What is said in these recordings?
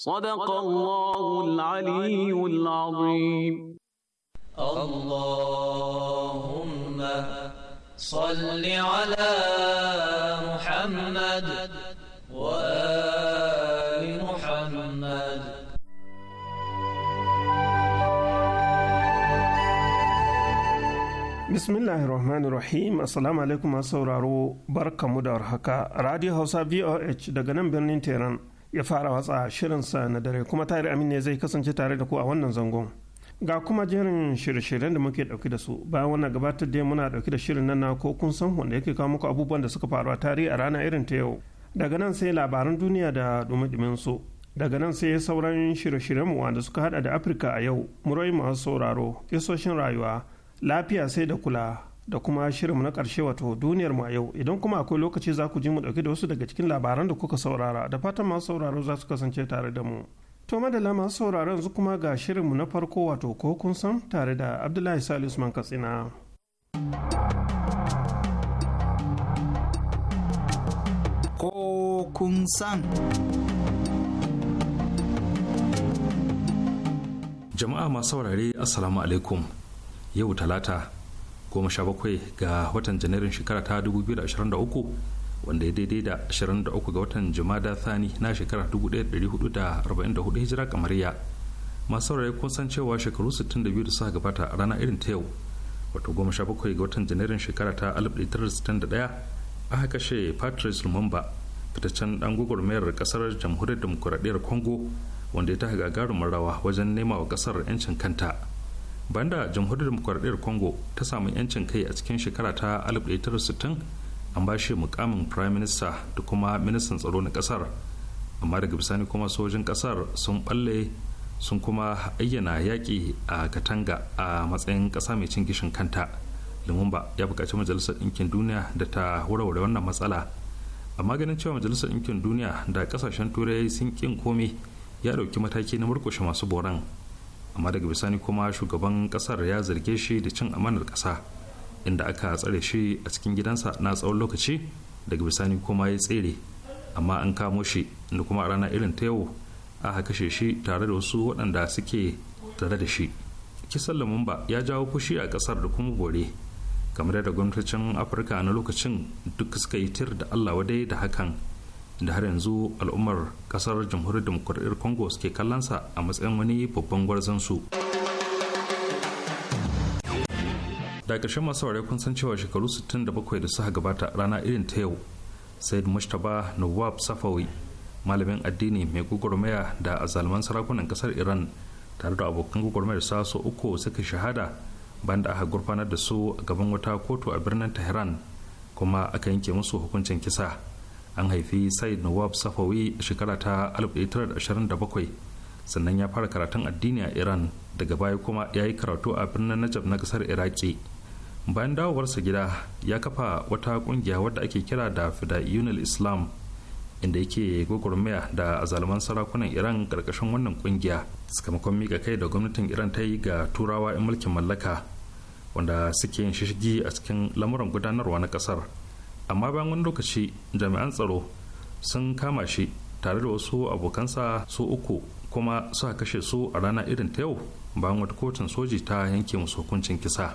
صدق الله العلي العظيم اللهم صل على محمد وآل محمد بسم الله الرحمن الرحيم السلام عليكم ورحمة الله وبركاته راديو هوسا بي او اتش دغنم برنين تيران ya fara watsa shirinsa na dare kuma tare amin ne zai kasance tare da ku a wannan zangon ga kuma jerin shirye-shiryen da muke dauke da su bayan wannan gabatar da muna dauke da shirin nan na ko kun san wanda yake kawo muku abubuwan da suka faru a tarihi a rana irin ta yau daga nan sai labaran duniya da dumudumin su daga nan sai sauran shirye-shiryen mu wanda suka hada da afirka a yau muroyi masu sauraro isoshin rayuwa lafiya sai da kula da kuma shirinmu na ƙarshe wato duniyar mu a yau idan kuma akwai lokaci za ku ji mu ɗauki da wasu daga cikin labaran da kuka saurara da fatan masu sauraro za su kasance tare da mu. To madalla masu sauraro yanzu kuma ga shirinmu na farko wato ko kun san tare da Abdullahi Salisu man Katsina. Ko kun san. Jama'a masu saurare Assalamu alaikum. Yau talata 17 ga watan janairun shekara ta 2023 wanda ya daidai da 23 ga watan jumada thani na shekara 1444 hijira kamariya masu saurari kun san cewa shekaru 62 da suka gabata a rana irin ta yau wato 17 ga watan janairun shekara ta 1961 aka kashe patrice lumumba fitaccen dan gwagwarmayar kasar jamhuriyar demokuraɗiyar congo wanda ya ta gagarumar rawa wajen nema wa kasar 'yancin kanta banda jamhuriyar demokuraɗiyar congo ta samu 'yancin kai a cikin shekara ta 1960 an ba shi mukamin prime minister da kuma ministan tsaro na kasar amma daga bisani kuma sojin kasar sun balle sun kuma ayyana yaƙi a katanga a matsayin ƙasa mai cin gishin kanta lumumba ya buƙaci majalisar ɗinkin duniya da ta warware wannan matsala amma ganin cewa majalisar ɗinkin duniya da ƙasashen turai sun ƙin komai ya ɗauki mataki na murkushe masu boran amma daga bisani kuma shugaban kasar ya zarge shi da cin amanar kasa inda aka tsare shi a cikin gidansa na tsawon lokaci daga bisani kuma ya tsere amma an kamo shi inda kuma a rana irin ta yau aka kashe shi tare da wasu waɗanda suke tare da shi kisan lumumba ya jawo fushi a kasar da kuma gore kamar da gwamnatocin afirka na lokacin duk suka yi tir da allah wadai da hakan da har yanzu al'ummar kasar jamhuriyar demokuraɗiyar congo suke kallonsa a matsayin wani babban su. da ƙarshen masu ware kun san cewa shekaru 67 da suka gabata rana irin ta yau said mustapha nawab safawi malamin addini mai gwagwarmaya da azalman sarakunan kasar iran tare da abokan gwagwarmayar sa su uku suka shahada banda aka gurfanar da su a gaban wata kotu a birnin tehran kuma aka yanke musu hukuncin kisa an haifi said nawab safawi a shekara ta 1927 sannan ya fara karatun addini a iran daga baya kuma ya yi karatu a birnin najab na kasar iraki bayan dawowarsa gida ya kafa wata kungiya wadda ake kira da fida'iyunil islam inda yake gwagwarmaya da azalman sarakunan iran karkashin wannan kungiya sakamakon mika kai da gwamnatin iran ta yi ga turawa 'yan mulkin mallaka wanda suke yin shishigi a cikin lamuran gudanarwa na kasar amma bayan wani lokaci jami'an tsaro sun kama shi tare da wasu abokansa su uku kuma suka kashe su a rana irin ta yau bayan wata kotun soji ta yanke musu hukuncin kisa.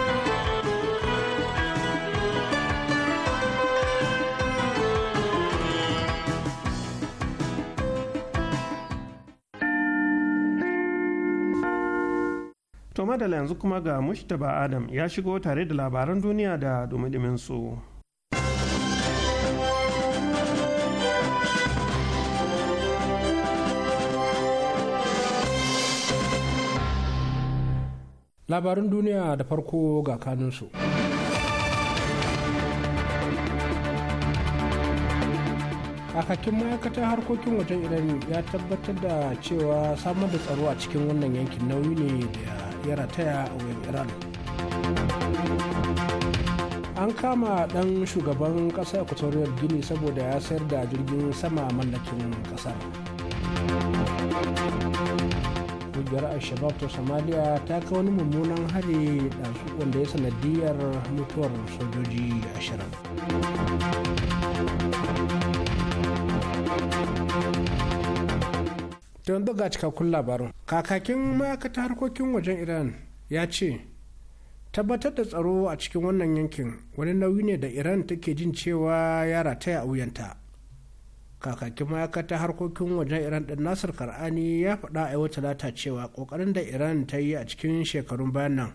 madala yanzu kuma ga mushtaba adam ya shigo tare da labaran duniya da su. labarun duniya da farko ga kanunsu kakakin ma'aikatar harkokin wajen iran ya tabbatar da cewa samar da tsaro a cikin wannan yankin nauyi ne da ya rataya a iran an kama ɗan shugaban ƙasar equatorial gini saboda ya sayar da jirgin sama mallakin ƙasar ƙungiyar al ta somalia ta kai wani mummunan hari wanda ya sanadiyar mutuwar sojoji ashirin don buga cikakkun labarin kakakin ma'aikatar harkokin wajen iran ya ce tabbatar da tsaro a cikin wannan yankin wani nauyi ne da iran take jin cewa ya rataya a wuyanta kakakin ma'aikatar harkokin wajen iran din nasir kar'ani ya faɗa a wata talata cewa ƙoƙarin da iran ta yi a cikin shekarun bayan nan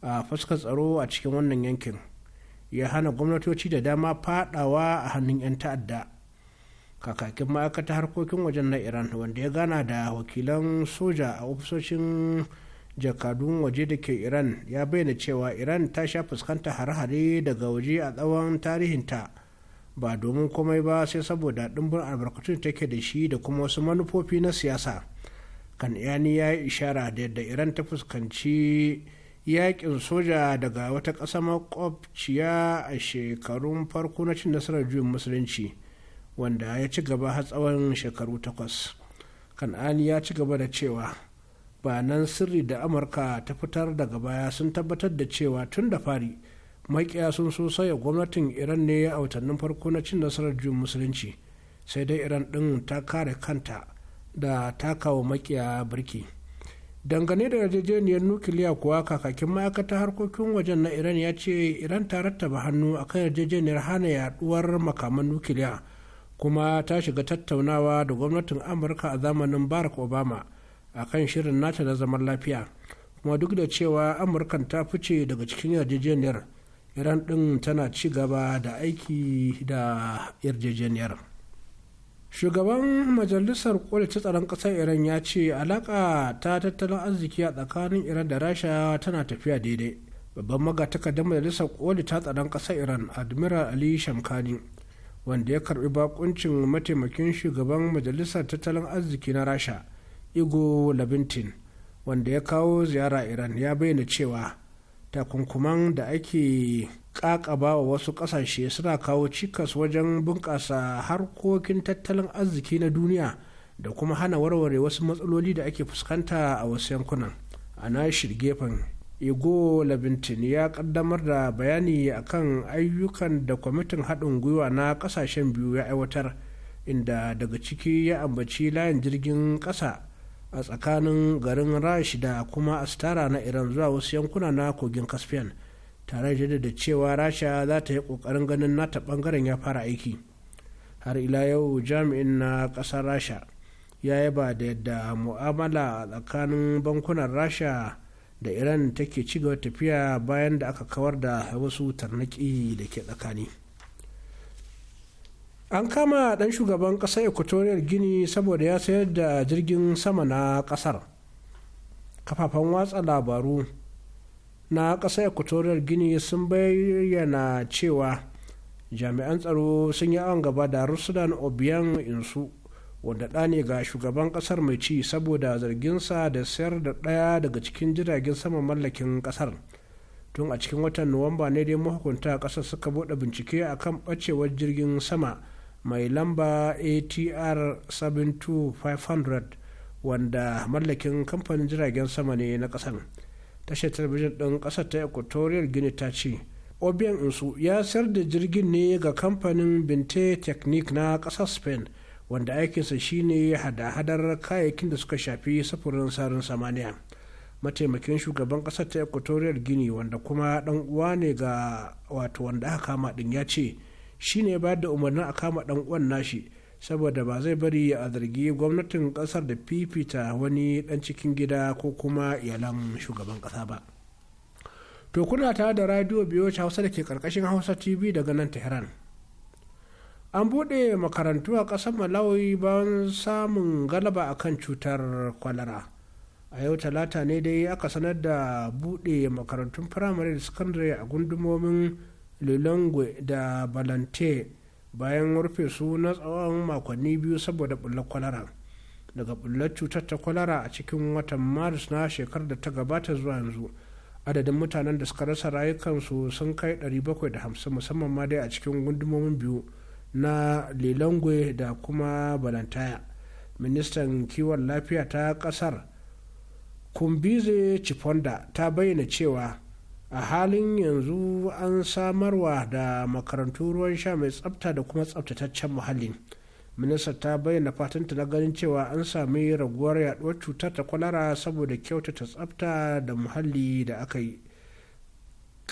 a fuskar tsaro a cikin wannan yankin ya hana gwamnatoci da dama faɗawa a hannun 'yan ta'adda kakakin ma'aikata harkokin wajen na iran wanda ya gana da wakilan soja a ofisoshin jakadun waje da ke iran ya bayyana cewa iran ta sha fuskanta hare-hare daga waje a tsawon tarihinta ba domin komai ba sai saboda ɗimbin albarkatun take da shi da kuma wasu manufofi na siyasa kan yani ya yi ishara da yadda iran ta fuskanci yakin soja daga wata ƙasa makwabciya a shekarun farko na cin nasarar juyin musulunci wanda ya ci gaba har tsawon shekaru takwas kan'ani ya ci gaba da cewa ba nan sirri da amurka ta fitar daga baya sun tabbatar da cewa tun da fari maƙiya sun so sauya gwamnatin iran ne a watannin farko na cin nasarar jin musulunci sai dai iran ɗin ta kare kanta da ta kawo makiya birki dangane da yarjejeniyar nukiliya kuwa kakakin ma'aikatar harkokin wajen na iran ya ce iran ta rattaba hannu akan yarjejeniyar hana yaduwar makaman nukiliya kuma ta shiga tattaunawa da gwamnatin amurka a zamanin barack obama a kan shirin nata na zaman lafiya kuma duk da cewa amurkan ta fice daga cikin yarjejeniyar iran din tana ci gaba da aiki da yarjejeniyar shugaban majalisar koli ta tsaron ƙasar iran ya ce alaƙa ta tattalin arziki a tsakanin iran da rasha tana tafiya daidai babban magatakardar majalisar koli ta tsaron ƙasar iran admiral ali shamkani wanda ya karbi bakuncin mataimakin shugaban majalisar tattalin arziki na rasha igo labintin wanda ya kawo ziyara iran ya bayyana cewa takunkuman da ake kakaba wa wasu kasashe suna kawo cikas wajen bunƙasa harkokin tattalin arziki na duniya da kuma hana warware wasu matsaloli da ake fuskanta a wasu yankunan a nashir gefen igo labintin ya kaddamar da bayani akan ayyukan da kwamitin haɗin gwiwa na ƙasashen biyu ya aiwatar inda daga ciki ya ambaci layin jirgin ƙasa a tsakanin garin rash da kuma astara na iran zuwa wasu yankuna na kogin caspian tare da da cewa rasha za ta yi ƙoƙarin ganin nata ɓangaren ya fara aiki har ila yau jami'in na ƙasar rasha ya yaba da yadda mu'amala a tsakanin bankunan rasha da iran take ci gaba tafiya bayan da aka kawar da wasu tarnaki da ke tsakani an kama dan shugaban ƙasar equatorial gini saboda ya sayar da jirgin sama na kasar. kafafen watsa labaru na kasar equatorial gini sun bayyana cewa jami'an tsaro sun yi an gaba da rusudan obiang insu wanda ɗa ne ga shugaban ƙasar mai ci saboda zarginsa da sayar da ɗaya daga cikin jiragen sama mallakin ƙasar tun a cikin watan nuwamba ne dai mahukunta ƙasar suka buɗe bincike a kan ɓacewar jirgin sama mai lamba atr 72500 wanda mallakin kamfanin jiragen sama ne na ƙasar tashar talabijin ɗin ƙasar ta equatorial guinea ta ce obiang insu ya sayar da jirgin ne ga kamfanin binte technique na ƙasar spain wanda aikinsa shine hada-hadar kayayyakin da suka shafi safurin sarin samaniya mataimakin shugaban kasar ta equatorial guinea wanda kuma dan uwa ne ga wato wanda aka kama din ya ce shine ba da umarnin a kama dan uwan nashi saboda ba zai bari a zargi gwamnatin kasar da fifita wani dan cikin gida ko kuma iyalan shugaban kasa ba to kuna tare da radio biyo hausa da ke karkashin hausa tv daga nan tehran an buɗe makarantu a ƙasar malawi bayan samun galaba a kan cutar kwalara a yau talata ne dai aka sanar da buɗe makarantun firamare da sakandare a gundumomin lilongwe da balante bayan rufe su na tsawon makonni biyu saboda bullar kwalara daga bullar cutar ta kwalara a cikin watan maris na shekarar da ta gabata zuwa yanzu adadin mutanen da suka rasa rayukansu sun kai 750 musamman ma dai a cikin gundumomin biyu na lilangwe da kuma balantaya ministan kiwon lafiya ta kasar kumbize chiponda ta bayyana cewa a halin yanzu an samarwa da makarantu ruwan sha mai tsafta da kuma tsaftataccen muhalli minista ta bayyana fatanta na ganin cewa an sami raguwar yaduwar cutar ta kwalara saboda kyautata tsafta da muhalli da aka yi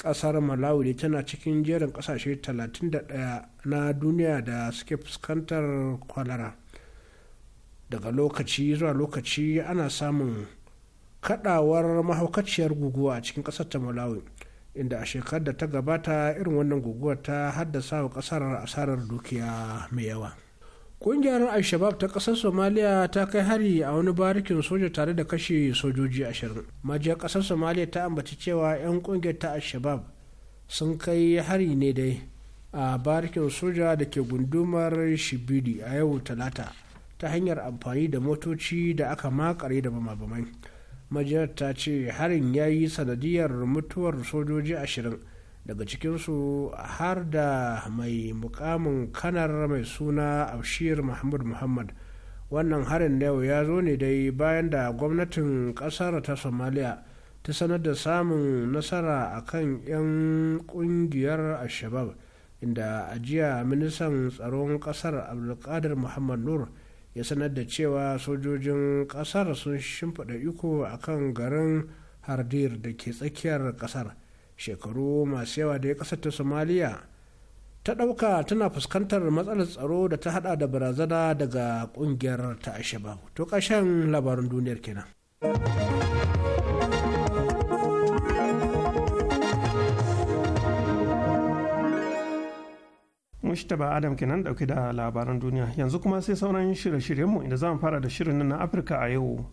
kasar malawi tana cikin jerin kasashe 31 na duniya da suke fuskantar kwalara daga lokaci zuwa lokaci ana samun kadawar mahaukaciyar guguwa a cikin kasar ta malawi inda a shekarar da ta gabata irin wannan guguwar ta haddasa wa kasar asarar dukiya mai yawa ƙungiyar al-shabab ta ƙasar somaliya ta kai hari a wani barikin soja tare da kashe sojoji ashirin majiyar ƙasar somaliya ta ambaci cewa 'yan ƙungiyar ta al-shabab sun kai hari ne dai a barikin soja da ke gundumar shibidi a yau talata ta hanyar amfani da motoci da aka makare da bamabamai majiyar ta ce harin ya yi sanadiyar mutuwar sojoji ashirin daga cikinsu har da mai mukamin kanar mai suna abshir mahmud muhammad wannan harin da yau ya zo ne dai bayan da gwamnatin kasar ta somaliya ta sanar da samun nasara a kan 'yan kungiyar alshabab inda a jiya ministan tsaron kasar abdulkadir muhammad nur ya sanar da cewa sojojin kasar sun shimfiɗa iko a kan garin hardir da ke tsakiyar kasar shekaru masu yawa da ya kasar ta somaliya ta ɗauka tana fuskantar matsalar tsaro da ta hada da barazana daga kungiyar ta ashabab to ƙashen labarin duniyar kenan Mushtaba Adam kenan dauke da labaran duniya yanzu kuma sai sauran shirye-shiryenmu inda za mu fara da shirin na Afirka a yau.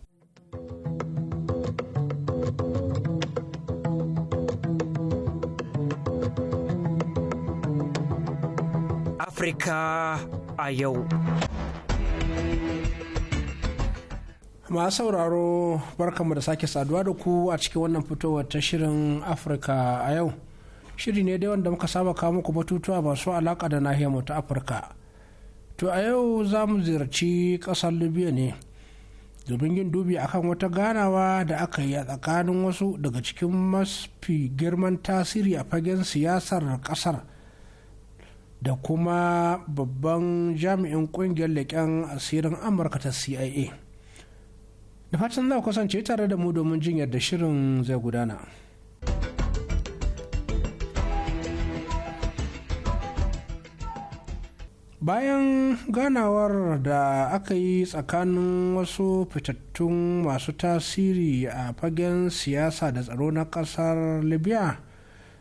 Afirka a yau. Masu sauraro barkanmu da sake saduwa da ku a cikin wannan fitowar ta shirin Afirka a yau. Shiri ne dai wanda muka saba kawo muku batutuwa masu alaka da mu ta Afirka. To a yau za mu ziyarci ƙasar Libya ne domin yin dubi akan wata ganawa da aka yi a tsakanin wasu daga cikin mafi girman tasiri a fagen siyasar ƙasar da kuma babban jami'in kungiyar leƙen asirin amurka ta cia da fatan za kasance tare da mu domin jin yadda shirin zai gudana bayan ganawar da aka yi tsakanin wasu fitattun masu tasiri a fagen siyasa da tsaro na kasar libya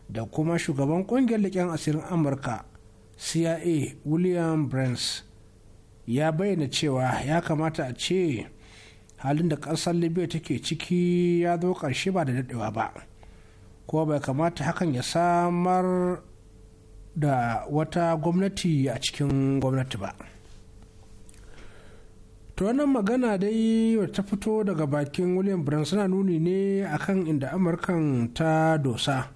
da kuma shugaban kungiyar leƙen asirin amurka cia william burns ya bayyana cewa ya kamata a ce halin da ƙasar libya take ciki ya zo karshe ba da daɗewa ba ko bai kamata hakan ya samar da wata gwamnati a cikin gwamnati ba to wannan magana dai ta fito daga bakin william brown suna nuni ne akan inda amurkan ta dosa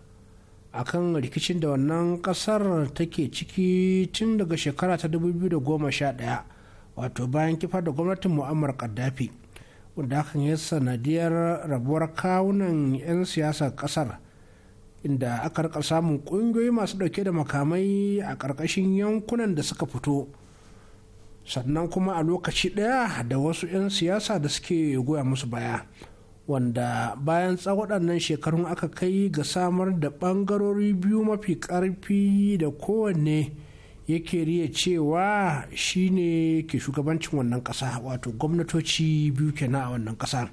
akan rikicin da wannan kasar take ciki tun daga shekara ta 2011 wato bayan kifar da gwamnatin mu'ammar kaddafi wanda hakan ya sanadiyar rabuwar kawunan 'yan siyasar kasar inda aka rika samun kungiyoyi masu dauke da makamai a ƙarƙashin yankunan da suka fito sannan kuma a lokaci ɗaya da wasu 'yan siyasa da suke goya musu baya. wanda bayan waɗannan shekarun aka kai ga samar da ɓangarori biyu mafi ƙarfi da kowanne yake riya cewa shine ke shugabancin wannan ƙasa wato gwamnatoci biyu kenan a wannan ƙasa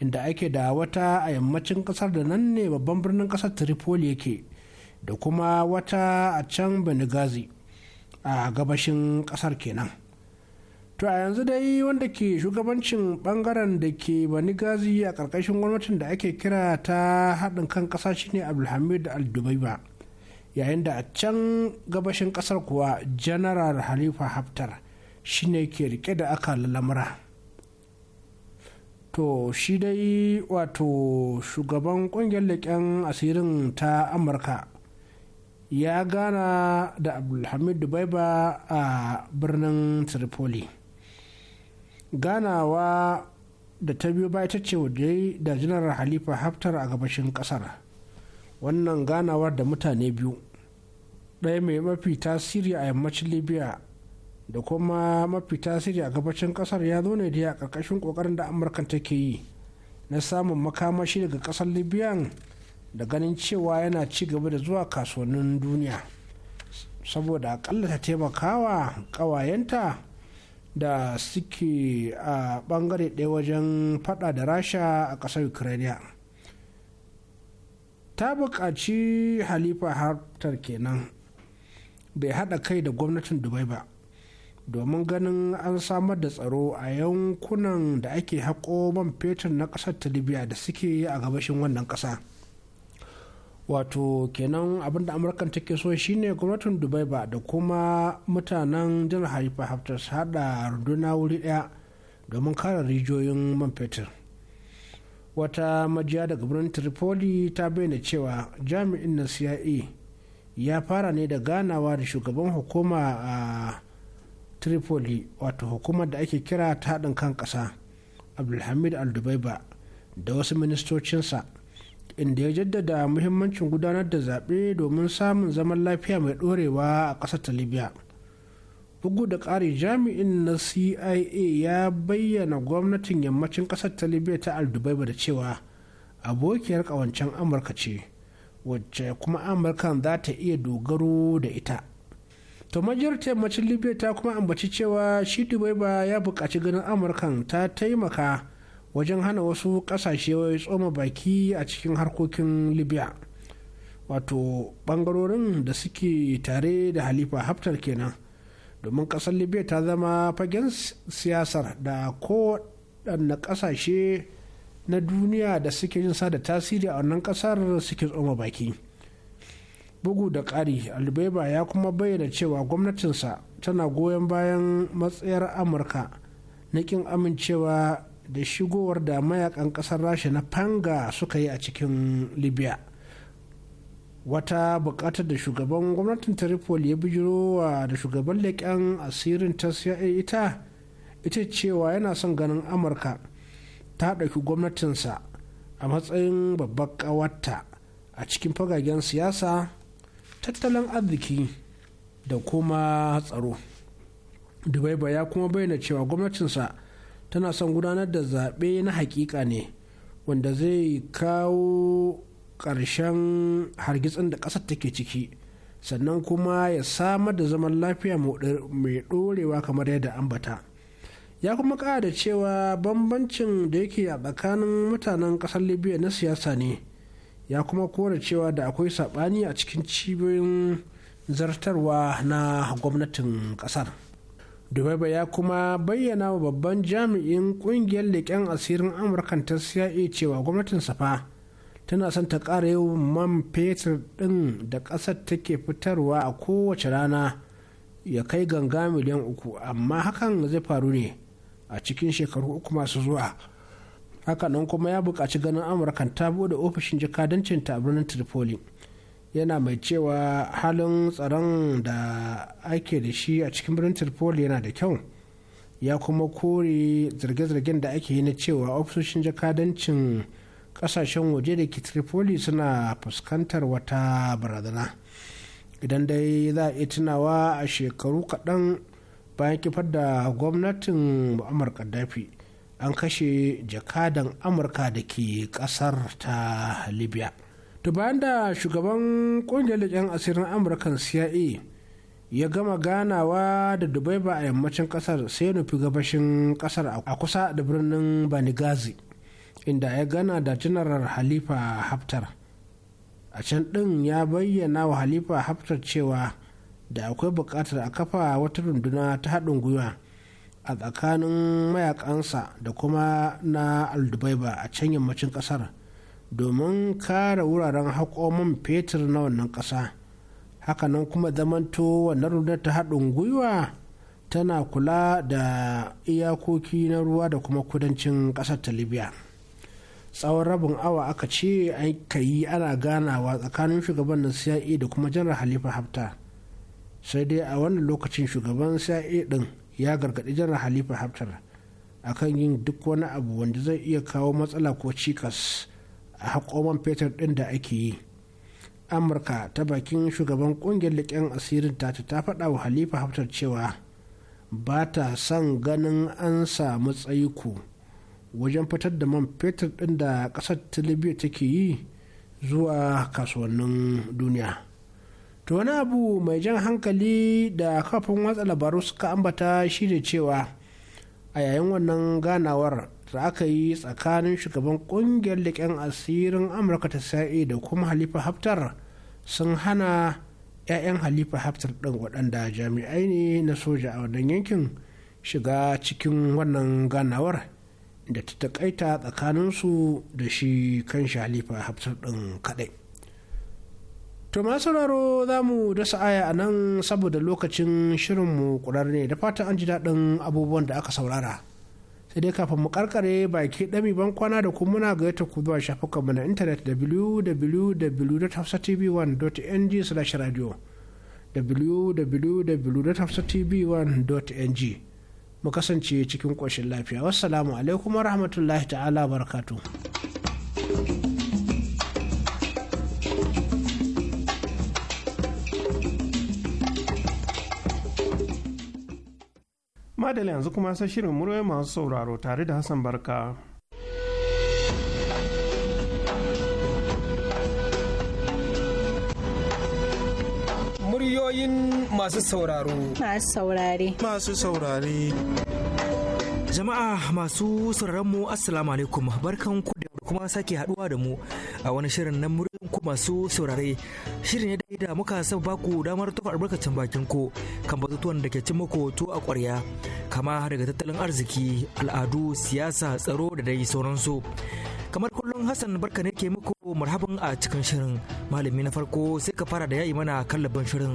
inda ake da wata a yammacin ƙasar da nan ne babban birnin ƙasar tripoli yake da kuma wata a can benghazi a gabashin ƙasar kenan. to a yanzu dai wanda ke shugabancin bangaren da ke bani gazi a ƙarƙashin gwamnatin da ake kira ta haɗin kan ƙasa shine abdulhamid al dubaiba yayin da a can gabashin ƙasar kuwa janaral halifa haftar shine ke rike da aka lamura to shi dai wato shugaban ƙungiyar leƙen asirin ta amurka ya gana da abdulhamid dubaiba a birnin tripoli ganawa da ta biyo baya ta ce waje da janar halifa haftar a gabashin kasar wannan ganawar da mutane biyu ɗaya mai mafi tasiri a yammacin libya da kuma mafi tasiri a gabashin kasar ya zo ne da a ƙarƙashin ƙoƙarin da amurka take yi na samun makamashi daga ƙasar libya da ganin cewa yana ci gaba da zuwa kasuwannin duniya saboda akalla ta taimakawa ƙawayenta da suke a bangare ɗaya wajen fada da rasha a ƙasar ukraine ta buƙaci halifa hartar kenan bai haɗa kai da gwamnatin dubai ba domin ganin an samar da tsaro a yankunan da ake haƙo man fetur na ƙasar ta libya da suke a gabashin wannan ƙasa. wato kenan abinda amurkan take so shine gwamnatin dubai ba da kuma mutanen jihar haifa haftar hada runduna wuri daya domin kare rijiyoyin man fetur wata majiya daga birnin tripoli ta bayyana cewa jami'in na cia ya fara ne da ganawa da shugaban hukuma a tripoli wato hukumar da ake kira ta haɗin kan ƙasa abdulhamid dubaiba da wasu ministocinsa inda ya jaddada muhimmancin gudanar da zaɓe domin samun zaman lafiya mai ɗorewa a ƙasar ta libya bugu da ƙari jami'in na cia ya bayyana gwamnatin yammacin ƙasar ta libya ta aldubaiba da cewa abokiyar ƙawancen amurka ce wacce kuma amurka za ta iya dogaro da ita to majiyar yammacin libya ta kuma ambaci cewa shi dubaiba ya buƙaci ganin amurkan ta taimaka wajen hana wasu ƙasashe tsoma baki a cikin harkokin libya wato bangarorin da suke tare da halifa haftar kenan domin ƙasar libya ta zama fagen siyasar da kowaɗanne ƙasashe na duniya da suke yin sa da tasiri a wannan ƙasar suke tsoma baki bugu da ƙari albeba ya kuma bayyana cewa gwamnatinsa tana goyon bayan matsayar amurka na ƙin amincewa da shigowar da mayakan kasar rasha na panga suka yi a cikin libya wata bukatar da shugaban gwamnatin tripoli ya wa da shugaban leƙen asirin ta ita ita cewa yana son ganin amurka ta ɗauki gwamnatinsa a matsayin babbar ƙawarta a cikin fagagen siyasa tattalin arziki da kuma tsaro dubaiba ya kuma bayyana cewa gwamnatinsa tana son gudanar da zaɓe na hakika ne wanda zai kawo ƙarshen hargitsin da ƙasar take ciki sannan kuma ya samar da zaman lafiya mai ɗorewa kamar yadda ambata ya kuma ƙara da cewa bambancin da yake a tsakanin mutanen ƙasar libya na siyasa ne ya kuma kora cewa da akwai saɓani a cikin cibiyoyin zartarwa na gwamnatin ƙasar. Dubaiba ya kuma bayyana wa babban jami'in kungiyar leƙen asirin Amurkan ta CIA cewa gwamnatin safa tana son ta ƙara yawan man fetur ɗin da ƙasar take fitarwa a kowace rana ya kai ganga miliyan uku amma hakan zai faru ne a cikin shekaru uku masu zuwa. Hakanan kuma ya buƙaci ganin Amurkan ta bude ofishin jakadancinta a birnin Tripoli. yana mai cewa halin tsaron da ake da shi a cikin birnin tripoli yana da kyau ya kuma kore zirge-zirgen da ake yi na cewa ofisoshin jakadancin kasashen waje da ke tripoli suna fuskantar wata barazana idan dai za a iya tunawa a shekaru kaɗan bayan kifar da gwamnatin mu'ammar gaddafi an kashe jakadan amurka da ke ƙasar ta libya to bayan da shugaban kungiyar yan asirin amurkan cia ya gama ganawa da dubai ba a yammacin kasar sai ya nufi gabashin kasar a kusa da birnin banigazi inda ya gana da janarar halifa haftar a can ɗin ya bayyana wa halifa haftar cewa da akwai buƙatar a kafa wata runduna ta haɗin gwiwa a tsakanin mayakansa da kuma na aldubaiba a can yammacin ƙasar domin kare wuraren haƙomin fetur na wannan ƙasa hakanan kuma zamanto wannan rundunar ta haɗin gwiwa tana kula da iyakoki na ruwa da kuma kudancin ƙasar ta libya tsawon rabin awa aka ce aka yi ana ganawa tsakanin shugaban na cia da kuma janar halifa hafta sai dai a wannan lokacin shugaban cia din ya gargaɗi janar halifa haftar akan yin duk wani abu wanda zai iya kawo matsala ko cikas a hakoman fetur ɗin da ake yi amurka ta bakin shugaban ƙungiyar leƙen asirin ta ta faɗa wa halifa haftar cewa ba ta son ganin an samu tsaiku wajen fitar da man fetur ɗin da ƙasar ta libya take yi zuwa kasuwannin duniya to wani abu mai jan hankali da kafin watsa labaru suka ambata da cewa a yayin wannan ganawar da aka yi tsakanin shugaban kungiyar leƙen asirin amurka ta sa'i da kuma halifa haftar sun hana 'ya'yan halifa haftar ɗin waɗanda jami'ai ne na soja a wannan yankin shiga cikin wannan ganawar da ta taƙaita tsakaninsu da shi kan shi halifa haftar ɗin kaɗai to sauraro za mu dasa aya a nan saboda lokacin shirinmu ƙurar ne da fatan an ji daɗin abubuwan da aka saurara. sai dai kafin mu karkare baki dami ban kwana da kuma muna gayyata ku zuwa shafukanmu na intanet www.hafsatv1.ng slash radio www.hafsatv1.ng mu kasance cikin ƙoshin lafiya wassalamu alaikum wa rahmatullahi ta'ala barakatu madala yanzu kuma sai shirin muryoyi masu sauraro tare da hassan barka muryoyin masu sauraro masu saurare masu saurare jama'a masu sauraron mu assalamu alaikum barkan ku da kuma sake haduwa da mu a wani shirin na ku masu saurare shirin ya da muka sa baku damar tafa albarkacin bakin ku kan batutuwan da ke cin muku to a kwarya kama daga tattalin arziki al'adu siyasa tsaro da dai sauransu kamar kullum hassan barka ne ke muku marhaban a cikin shirin malami na farko sai ka fara da yayi mana kallabin shirin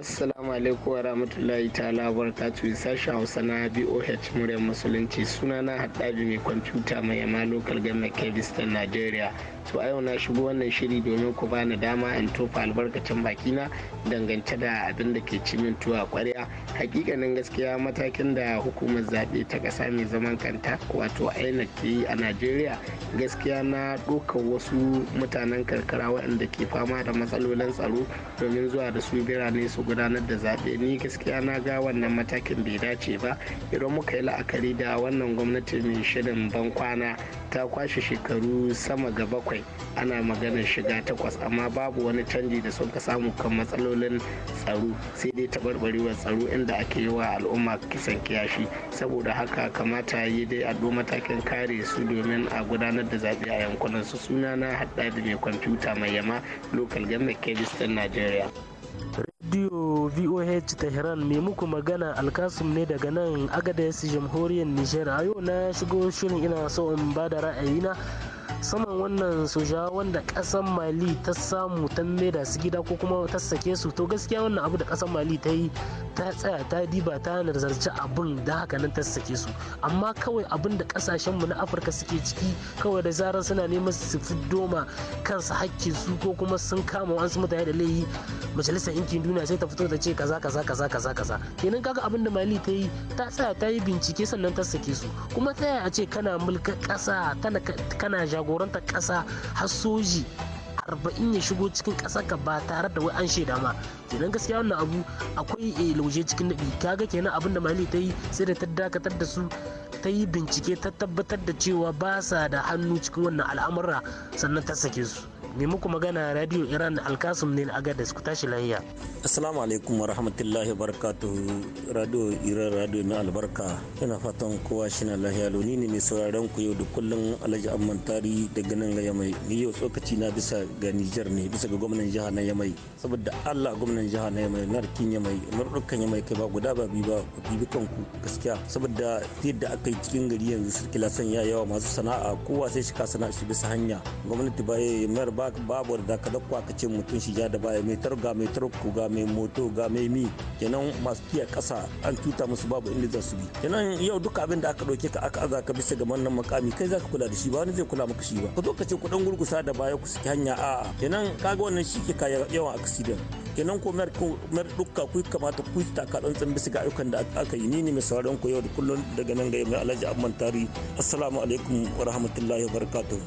assalamu alaikum wa rahmatullahi ta'ala barakatuh sashen hausa na boh muryar musulunci sunana haɗabi mai kwamfuta mai yama local government kebis nigeria to a yau na shigo wannan shiri domin ku bani dama in tofa albarkacin na dangance da abin da ke cimintuwa a kwarya hakikanin gaskiya matakin da hukumar zaɓe ta ƙasa mai zaman kanta wato inec ke yi a najeriya gaskiya na ɗaukar wasu mutanen karkara waɗanda ke fama da matsalolin tsaro domin zuwa da su birane su gudanar da zaɓe ni gaskiya na ga wannan matakin bai dace ba idan muka yi la'akari da wannan gwamnati mai shirin ban kwana ta kwashe shekaru sama gaba bakwai ana maganar shiga takwas amma babu wani canji da sun ka samu kan matsalolin tsaro sai dai taɓarɓarewar tsaro inda ake yi wa al'umma kisan kiyashi saboda haka kamata yi dai a matakin kare su domin a gudanar da zaɓe a yankunan su suna na haɗa da mai kwamfuta mai yama local government kebistan nigeria Radio VOH Tehran mai muku magana alkasum ne daga nan agadez jamhuriyar Nijar a yau na shigo shirin ina so in ba da ra'ayina saman wannan soja wanda kasan mali ta samu ta maida su gida ko kuma ta sake su to gaskiya wannan abu da kasan mali ta yi ta tsaya ta diba ta nazarci abin da haka nan ta sake su amma kawai abin da kasashen mu na afirka suke ciki kawai da zarar suna neman su doma kansu hakkin su ko kuma sun kama wasu mutane da laifi majalisar yankin duniya sai ta fito ta ce kaza kaza kaza kaza kaza kenan kaga abin da mali ta yi ta tsaya ta yi bincike sannan ta sake su kuma ta yaya a ce kana mulkar kasa kana jago jagoranta ƙasa har soji arba'in ya shigo cikin ƙasar ka ba tare da wai an shaida ma kenan gaskiya wannan abu akwai eh, lauje cikin daɗi kaga kenan abin da mali ta yi sai da ta dakatar da su ta yi bincike ta tabbatar da cewa ba sa da hannu cikin wannan al'amura sannan ta sake su mai muku magana radio iran alkasum ne agadas ku tashi lahiya assalamu alaikum wa rahmatullahi wa radio iran radio na albarka yana fatan kowa shi na lahiya loni ne mai sauraron ku yau da kullum alhaji amman tari daga nan ga yamai ni yau tsokaci na bisa ga nijar ne bisa ga gwamnan jiha na yamai saboda allah gwamnan jiha na yamai narkin yamai murɗukan yamai kai ba guda ba biyu ba ku bibi kanku gaskiya saboda yadda aka yi cikin gari yanzu sarki lasan ya yawa masu sana'a kowa sai shi ka sana'a shi bisa hanya gwamnati ba ya yi mayar ba babu da ka dakwa ka ce mutum shi ja da baya mai targa mai tarko ga mai moto ga mai mi kenan masu kiya kasa an tuta musu babu inda za su bi kenan yau duk abin da aka dauke ka aka aza ka bisa ga wannan makami kai zaka kula da shi ba wani zai kula maka shi ba ka zo ka ce kudan gurgusa da baya ku saki hanya a'a kenan kaga wannan shi ke yawan accident kenan ko mayar dukka ku kamata ku taka tsantsan bisa ga ayyukan da aka yi ni ne mai sauraron ku yau da kullun daga nan ga mai alhaji abman tari assalamu alaikum wa rahmatullahi wa barakatuh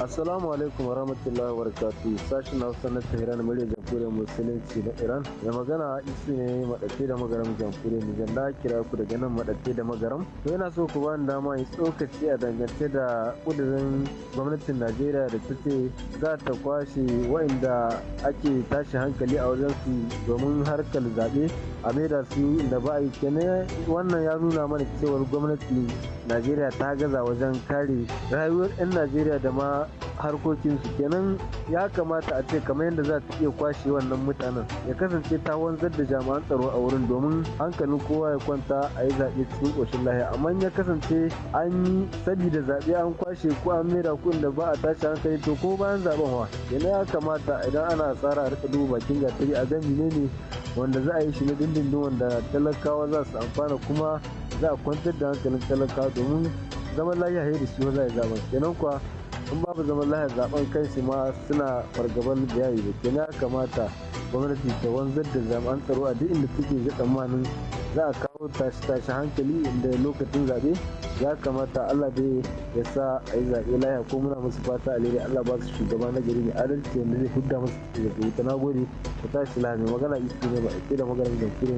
Assalamu alaikum wa rahmatullahi wa sashi sashen Hausa na Tehran murya jamhuriyar musulunci na Iran da magana isu ne madafi da magaram jamhuriyar Nijar da kira ku daga nan madafi da magaram to ina so ku ni dama in tsokaci a dangance da kudirin gwamnatin Najeriya da ta ce za ta kwashe waɗanda ake tashi hankali a wajen wajen su domin harkar zaɓe a maida su da ba a yi kenan wannan ya nuna mana cewar gwamnati najeriya ta gaza wajen kare rayuwar 'yan najeriya da ma harkokinsu kenan ya kamata a ce kamar yadda za ta iya kwashe wannan mutanen ya kasance ta wanzar da jami'an tsaro a wurin domin hankalin kowa ya kwanta a yi zaɓe cikin ƙoshin lahiya amma ya kasance an yi sabida zaɓe an kwashe ko an maida kuɗin da ba a tashi hankali to ko bayan zaɓen wa yana ya kamata idan ana tsara a rika duba bakin gatari a gami ne wanda za a yi shi na kundin da wanda talakawa za su amfana kuma za a kwantar da hankalin talakawa domin zaman lafiya da shi za a zaɓa kenan kuwa in babu zaman lafiya kan shi ma suna fargaban bayani da kenan ya kamata gwamnati ta wanzar da jami'an tsaro a duk inda suke ga tsammanin za a kawo tashi-tashi hankali da lokacin zaɓe ya kamata allah da ya sa a yi zaɓe laya ko muna musu fata alheri allah ba su shugaba na gari mai adalci wanda zai hudda musu da ta na nagode ta tashi lahiya magana isu ne ba a ke da maganar da kure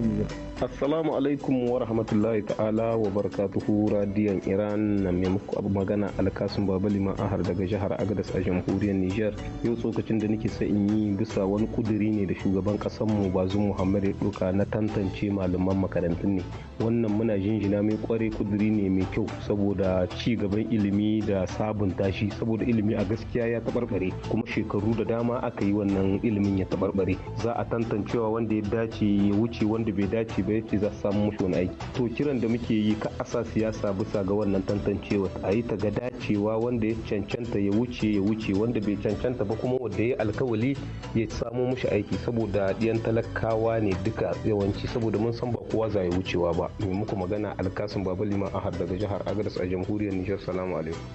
Assalamu alaikum wa rahmatullahi ta'ala wa barakatuhu radiyon Iran na mai muku abu magana alkasun babali ma'ahar daga jihar Agadas a jamhuriyar Nijar. Yau tsokacin da nake sa in yi bisa wani kuduri ne da shugaban kasan mu Bazum Muhammad ya doka na tantance malaman makarantun ne. Wannan muna jinjina mai kware kuduri ne mai kyau saboda ci gaban ilimi da sabunta shi saboda ilimi a gaskiya ya tabarbare kuma shekaru da dama aka yi wannan ilimin ya tabarbare. Za a tantancewa wanda ya dace ya wuce wanda bai dace ba gobe yace za su samu musu wani aiki to kiran da muke yi ka asa siyasa bisa ga wannan tantancewa a yi ta ga dacewa wanda ya cancanta ya wuce ya wuce wanda bai cancanta ba kuma wanda ya alkawali ya samu mushi aiki saboda diyan talakawa ne duka yawanci saboda mun san ba kowa za ya wucewa ba mai muku magana alkasun babalima ahad daga jihar agadas a jamhuriyar nijar salamu alaikum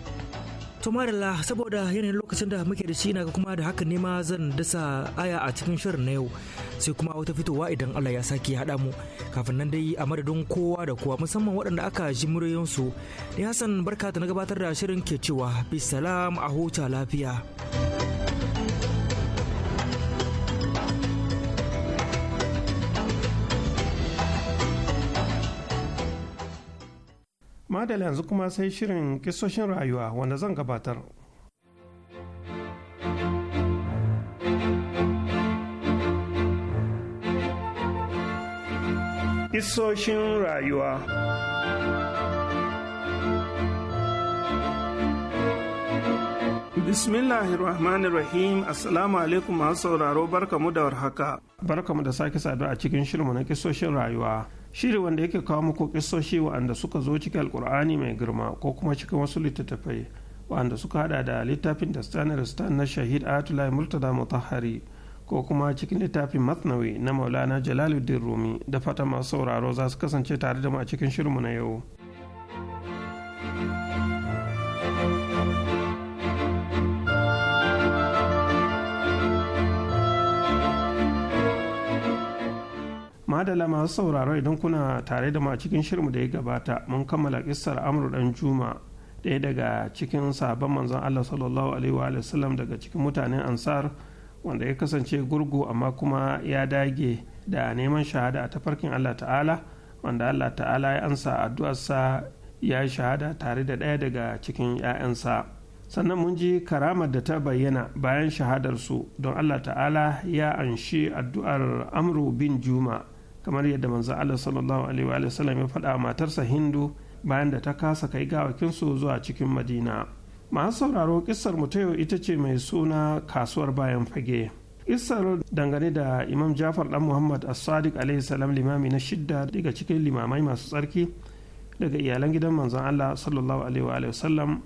To saboda yanayin lokacin da muke da shi na kuma da haka ma zan dasa aya a cikin shirin na yau sai kuma wata fitowa idan Allah ya sake haɗa mu kafin nan dai a madadin kowa da kowa musamman waɗanda aka ji su Ni Hassan barka ta na gabatar da shirin ke cewa bisalam a huta lafiya. madal yanzu kuma sai shirin kisoshin rayuwa wanda zan gabatar Kisoshin rayuwa Bismillahirrahmanirrahim Assalamu alaikum masu sauraro barkamu da warhaka. Barkamu da sake saduwa a cikin shirin na kisoshin rayuwa. shiri wanda yake kawo muku kisoshi wa'anda suka zo cikin alkur'ani mai girma ko kuma cikin wasu littattafai wa'anda suka hada da littafin da stanar stan na shahid atulai murtada mutahari ko kuma cikin littafin masnawi na maulana jalaluddin rumi da fata masu sauraro za su kasance tare da mu a cikin shirinmu na yau. madala masu sauraro idan kuna tare da mu a cikin shirmu da ya gabata mun kammala kissar amru dan juma daya daga cikin sabon manzon allah sallallahu alaihi wa sallam daga cikin mutanen ansar wanda ya kasance gurgu amma kuma ya dage da neman shahada a tafarkin allah ta'ala wanda allah ta'ala ya ansa addu'arsa ya yi shahada tare da ɗaya daga cikin 'ya'yansa sannan mun ji karamar da ta bayyana bayan shahadarsu don allah ta'ala ya anshi addu'ar amru bin juma' kamar yadda manzo Allah sallallahu alaihi wa sallam ya faɗa matarsa Hindu bayan da ta kasa kai gawakinsu zuwa cikin Madina. Masu sauraro kissar mu ta yau ita ce mai suna kasuwar bayan fage. Kissar dangane da Imam Jafar dan Muhammad As-Sadiq alaihi salam limami na shidda daga cikin limamai masu tsarki daga iyalan gidan manzon Allah sallallahu alaihi wa sallam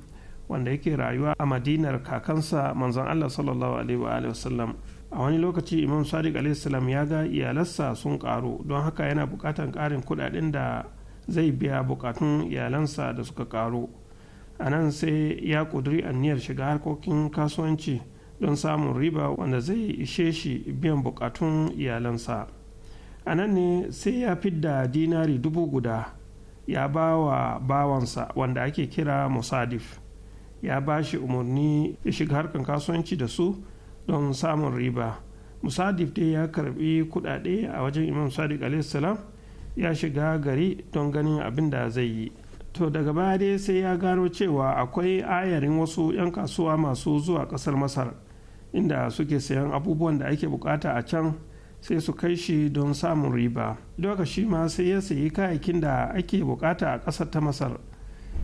wanda yake rayuwa a madinar kakansa manzon Allah sallallahu alaihi wa sallam a wani lokaci imam sadiq alaihissalam ya ga iyalansa sun karu don haka yana bukatan karin kudaden da zai biya bukatun iyalansa da suka karu a nan sai ya kuduri aniyar shiga harkokin kasuwanci don samun riba wanda zai ishe shi biyan bukatun iyalansa a nan ne sai ya fidda dinari dubu guda ya ba wa bawansa wanda ake kira musadif ya ba shi umarni ya shiga harkar kasuwanci da su don samun riba musadif dai ya karbi kudade a wajen imam sadiq salam ya shiga gari don ganin abin da zai yi to daga baya dai sai ya gano cewa akwai ayarin wasu 'yan kasuwa masu zuwa kasar masar inda suke sayan abubuwan da ake bukata a can sai su kai shi don samun riba Lokaci ma sai ya sayi kayakin da ake bukata a kasar ta masar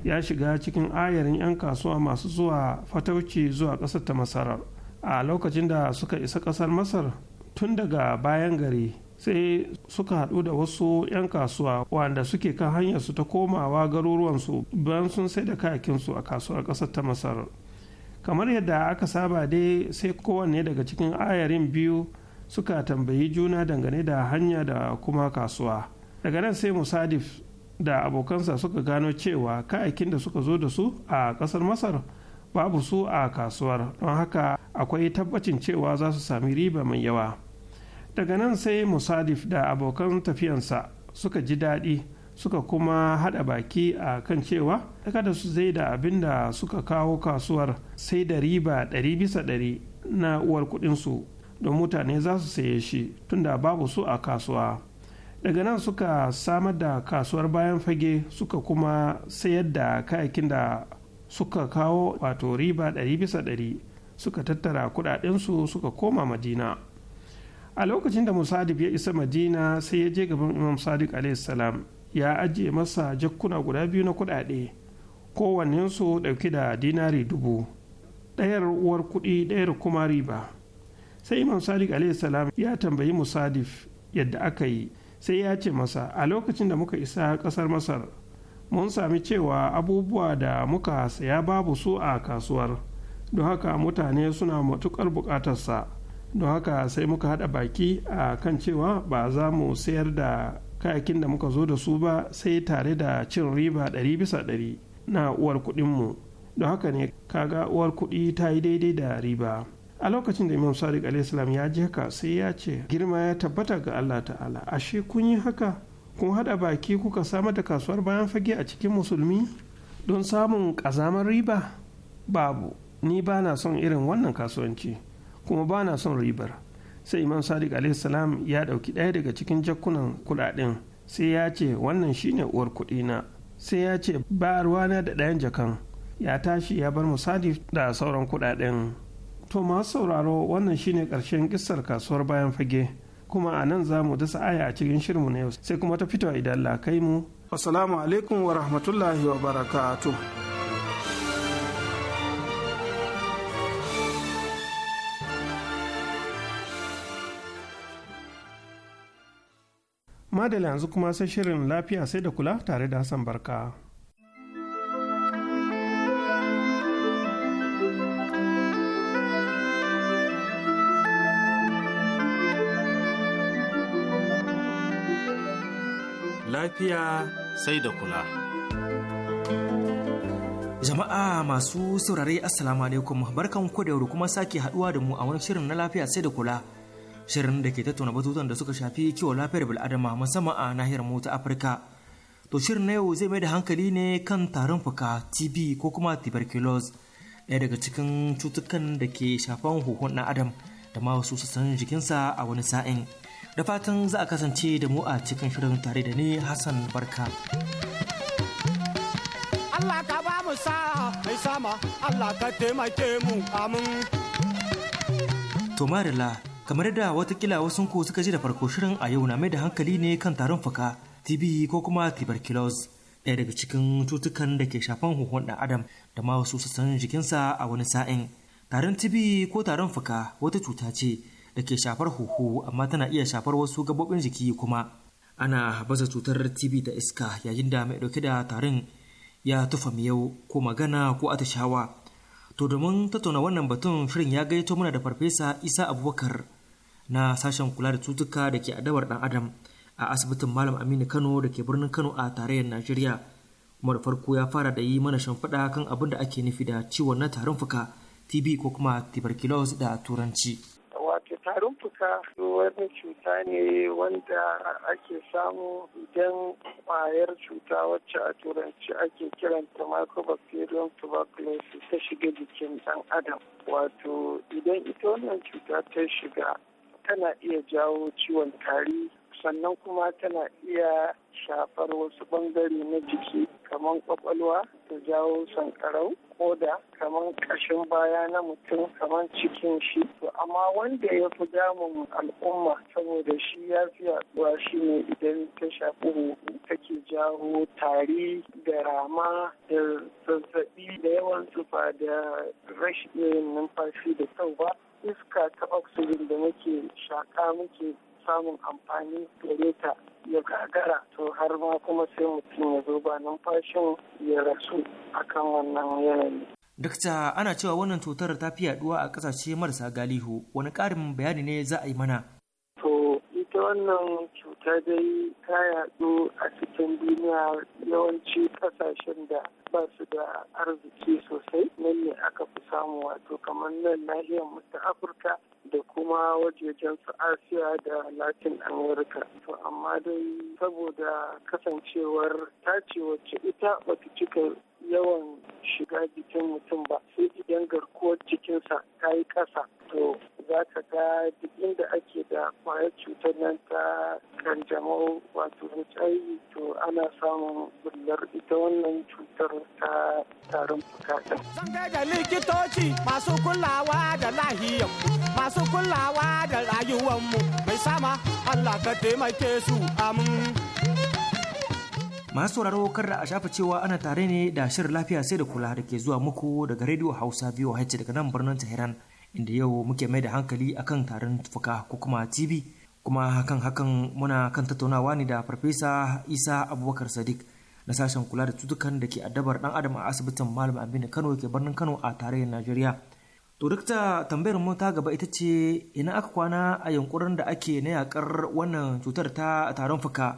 ya shiga cikin ayarin 'yan kasuwa masu zuwa fatauci zuwa kasar ta masarar a lokacin da suka isa ƙasar masar tun daga bayan gari sai suka haɗu da wasu 'yan kasuwa wanda suke kan hanyarsu ta komawa garuruwansu bayan sun sai da kayakinsu a kasuwar ƙasar ta masar kamar yadda aka saba dai sai kowanne daga cikin ayarin biyu suka tambayi juna dangane da hanya da kuma kasuwa daga nan sai musadif da abokansa suka gano cewa kayakin da suka zo da su a ƙasar masar babu su a kasuwar don haka akwai tabbacin cewa za su sami riba mai yawa daga nan sai musadif da abokan tafiyansa suka ji daɗi suka kuma haɗa baki a kan cewa kada su zai da abin da suka kawo kasuwar sai da riba ɗari bisa ɗari na uwar kuɗinsu don mutane za su saye shi tunda babu su a kasuwa daga nan suka samar da kasuwar bayan fage suka kuma sayar da kayakin da suka kawo wato riba ɗari bisa ɗari suka tattara kuɗaɗensu suka koma madina a lokacin da musadif ya isa madina sai ya je gaban imam sadiq salam ya ajiye masa jakkuna guda biyu na kuɗaɗe kowannensu ɗauki da dinari dubu ɗayar uwar kuɗi ɗayar kuma riba sai imam sadiq salam ya tambayi musadif yadda aka yi sai ya ce masa a lokacin da muka isa ƙasar masar mun sami cewa abubuwa da muka saya babu su a kasuwar don haka mutane suna matuƙar bukatarsa don haka sai muka haɗa baki a kan cewa ba za mu sayar da kayakin da muka zo da su ba sai tare da cin riba ɗari bisa ɗari na uwar kuɗinmu don haka ne kaga uwar kuɗi ta yi daidai da riba a lokacin da imam sadiq alaihissalam ya je haka sai ya ce girma ya tabbata ga allah ta'ala ashe kun yi haka kun haɗa baki kuka samar da kasuwar bayan fage a cikin musulmi don samun ƙazamar riba babu ni ba na son irin wannan kasuwanci kuma ba na son ribar sai imam sadiq salam ya ɗauki ɗaya daga cikin jakunan kudaden. sai ya ce wannan shine uwar kudina sai ya ce ba ruwana da ɗayan jakan ya tashi ya bar musadi da sauran kudaden. to masu sauraro wannan shine ƙarshen kisar kasuwar bayan fage kuma a nan za mu dasa aya a cikin shirinmu na yau sai kuma ta fito idan Allah kai mu assalamu alaikum wa rahmatullahi wa barakatu. madala yanzu kuma sai shirin lafiya sai da kula tare da hassan barka lafiya sai da kula. Jama'a masu saurare Assalamu alaikum barkan ku da kuma sake haduwa da mu a wani shirin na lafiya sai da kula. Shirin da ke tattauna batutan da suka shafi kiwon lafiyar bil'adama musamman a nahiyar mu ta Afirka. To shirin na yau zai mai da hankali ne kan tarin fuka TB ko kuma tuberculosis ɗaya daga cikin cutukan da ke shafan huhun na adam da ma wasu sassan jikinsa a wani sa'in. da fatan za a kasance da mu a cikin shirin tare da ni Hassan Barka. Allah ka ba mu sa'a mai sama Allah ka taimake mu amin. tomarila kamar da watakila wasu ku suka ji da farko shirin a yau na mai da hankali ne kan tarin fuka, TB ko kuma tuberculosis. ɗaya daga cikin cutukan da ke shafan huhun ɗan adam da ma wasu sassan jikinsa a wani sa'in. Tarin TB ko tarin fuka wata cuta ce da ke shafar huhu amma tana iya shafar wasu gabobin jiki kuma ana baza cutar TV da iska yayin da mai dauke da tarin ya tufa miyau ko magana ko atishawa to domin tattauna wannan batun shirin ya gaito mana da farfesa isa abubakar na sashen kula da cutuka da ke adawar dan adam a asibitin malam aminu kano da ke birnin kano a tarayyar najeriya kuma da farko ya fara da yi mana shimfiɗa kan abin da ake nufi da ciwon na tarin fuka tb ko kuma tuberculosis da turanci Lumfuka wani cuta ne wanda ake samu idan kwayar cuta wacce a turanci ake kiranta microbacterium tuberculosis ta shiga jikin ɗan adam. Wato idan ita wannan cuta ta shiga tana iya jawo ciwon tari sannan kuma tana iya shafar wasu bangare na jiki kamar kwakwalwa ta jawo sankarau koda kamar ƙashin baya na mutum kamar cikin shi to amma wanda ya fi damun al'umma saboda shi ya fi yaduwa shi ne idan ta shafi huhu take jawo tari da rama da zazzabi da yawan zufa da rashin numfashi da kyau ba iska ta oxygen da muke shaka muke samun amfani gare ta ya gagara to har ma kuma sai mutum ya zo ba numfashin ya rasu akan wannan yanayi. Dakta ana cewa wannan cutar ta fi yaduwa a kasashe marasa galihu wani ƙarin bayani ne za a yi mana. To ita wannan cuta dai ta yadu a cikin duniya yawanci ƙasashen da ba su da arziki sosai nan ne aka fi samu wato kamar nan nahiyar mu ta Afirka da kuma wajejen su asiya da latin america to amma dai saboda kasancewar ta ce wacce ita bata cika yawan shiga jikin mutum ba sai idan garkuwar jikinsa ta yi ƙasa to za ka ga duk inda ake da kwayar cutar nan ta kanjamau wato hiv to ana samun bullar ita wannan cutar tarin fuka likitoci masu kulawa da lahiyar masu kulawa da rayuwanmu mai sama Allah taimake su amin. Masu sauraro kar da a shafa cewa ana tare ne da shirin lafiya sai da kula da ke zuwa muku daga rediyo Hausa biyu hacci daga nan birnin Tehran inda yau muke mai da hankali akan tarin fuka ko kuma TV kuma kan hakan muna kan tattaunawa ne da Farfesa Isa Abubakar Sadiq na sashen kula da cutukan da ke addabar dan adam a asibitin malam aminu kano ke birnin kano a tarayyar najeriya to duk da tambayar mu ta gaba ita ce ina aka kwana a yunkurin da ake na yakar wannan cutar ta taron fuka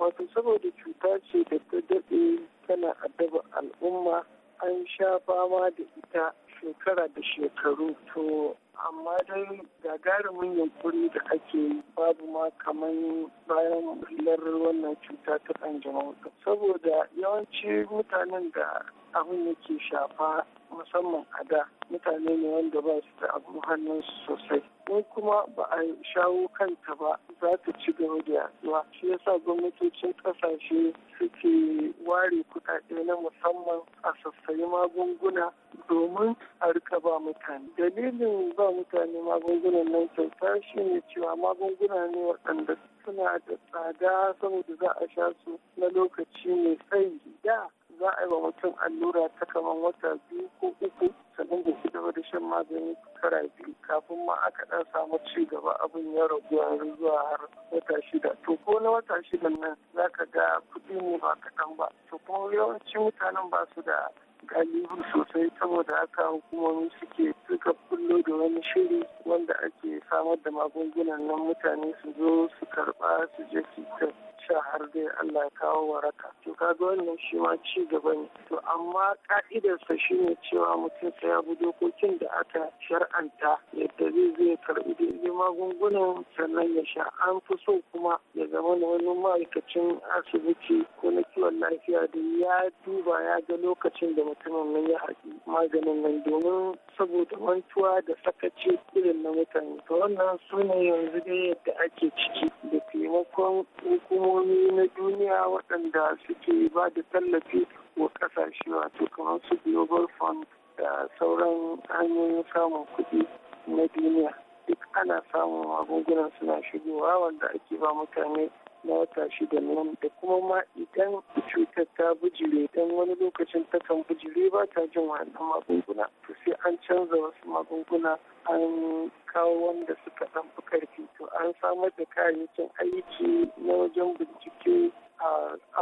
wato saboda cuta ce da ta daɗe tana addabar al'umma an sha fama da ita shekara da shekaru to amma dai gagarumin yankuri da ake babu ma kamar bayan hular wannan cuta ta kanjamau saboda yawanci mutanen da abin yake shafa musamman a da mutane ne wanda ba su da abin hannunsu sosai in kuma ba a shawo kanta ba za ta ci gaba da yaduwa shi yasa gwamnatocin kasashe suke ware kuɗaɗe na musamman a sassayi magunguna domin a rika ba mutane dalilin ba mutane magungunan nan kyauta shi ne cewa magunguna ne waɗanda suna da tsada saboda za a sha su na lokaci mai tsayi da za a yi wa mutum allura ta kamar wata biyu ko uku sannan da shi gaba da shan magani kara biyu kafin ma aka dan samu ci gaba abin ya rabu yanzu zuwa har wata shida to ko na wata shida nan za ka ga kuɗi ne ba kaɗan ba to kuma yawancin mutanen ba su da galibu sosai saboda haka hukumomi suke suka kullo da wani shiri wanda ake samar da magungunan nan mutane su zo su karɓa su je su sha har dai Allah ya kawo waraka to ga wannan shi ma ci gaba ne to amma ka'idarsa shine cewa mutum sai ya bi dokokin da aka shar'anta yadda zai zai karbi daidai magungunan sannan ya sha an fi so kuma ya zama na wani ma'aikacin asibiti ko na kiwon lafiya da ya duba ya ga lokacin da mutumin nan ya haɗi maganin nan domin saboda mantuwa da sakaci irin na mutane to wannan su ne yanzu dai yadda ake ciki da taimakon hukumomi hukumomi na duniya waɗanda suke ba da tallafi wa ƙasashe wato kamar su global fund da sauran hanyoyin samun kuɗi na duniya duk ana samun magungunan suna shigowa wanda ake ba mutane na wata shida nan da kuma ma idan cutar ta bujire dan wani lokacin ta kan bijire ba ta jin wannan magunguna to sai an canza wasu magunguna an kawo wanda suka dan fi karfi to an samar da kayayyakin aiki na wajen bincike a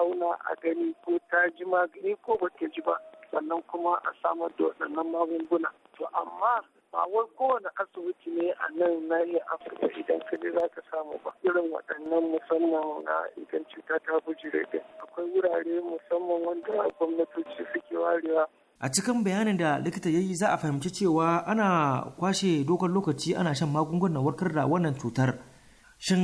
auna a gani ko ta ji magani ko ba ta ji ba sannan kuma a samar da waɗannan magunguna to amma ba wai kowane asibiti ne a nan nahiyar afirka idan ka je za ka samu ba irin waɗannan musamman na idan cuta ta bujire din akwai wurare musamman wanda gwamnatoci suke warewa a cikin bayanin da likita ya yi za a fahimci cewa ana kwashe dogon lokaci ana shan magungunan warkar da wannan cutar shin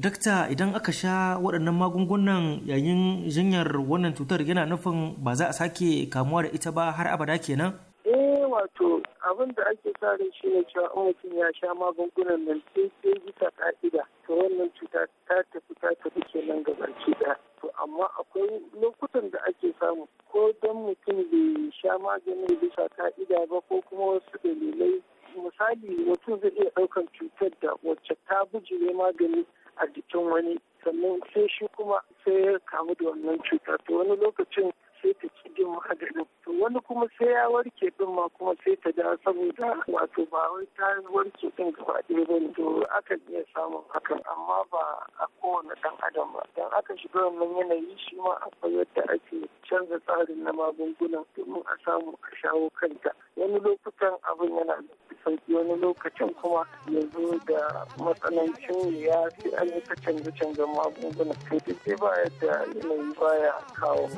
dakta idan aka sha waɗannan magungunan yayin jinyar wannan cutar yana nufin ba za a sake kamuwa da ita ba har abada kenan eh wato abin da ake sa shi ne cewa in mutum ya sha magungunan nan sai sai bisa ka'ida to wannan cuta ta tafi ta tafi kenan gabaki ɗaya to amma akwai lokutan da ake samu ko don mutum bai sha maganin bisa ka'ida ba ko kuma wasu dalilai misali mutum zai iya ɗaukan cutar da wacce ta bujire magani a jikin wani sannan sai shi kuma sai ya kamu da wannan cutar to wani lokacin sai ta ci din maganin to wani kuma sai ya warke din ma kuma sai ta da saboda wato ba wai ta warke din gaba ɗaya ba ne to aka iya samun hakan amma ba a kowane ɗan adam ba don aka shiga wannan yanayi shi ma akwai yadda ake canza tsarin na magungunan domin a samu a shawo kanta wani lokutan abin yana da sauki wani lokacin kuma ya zo da matsanancin ya fi an yi ta canje-canjen magunguna to duk ba yadda yanayi baya kawo.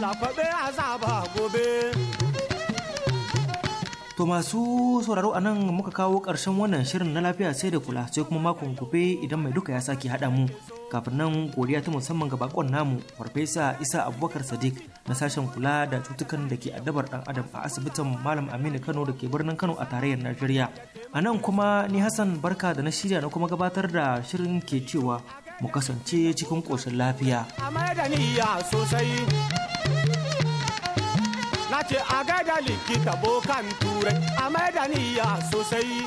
To masu sauraro anan muka kawo ƙarshen wannan shirin na lafiya sai da kula sai kuma makon gobe idan mai duka ya sake haɗa mu. Kafin nan godiya ta musamman ga bakon namu Farfesa Isa Abubakar Sadiq na sashen kula da cutukan da ke addabar dan adam a asibitin Malam Aminu Kano da ke birnin Kano a tarayyar Najeriya. A nan kuma ni Hassan Barka da na shirya na kuma gabatar da shirin ke cewa mu kasance cikin ƙoshin lafiya. sosai. Na ce a gaida likita bokan turai a maidaniya sosai.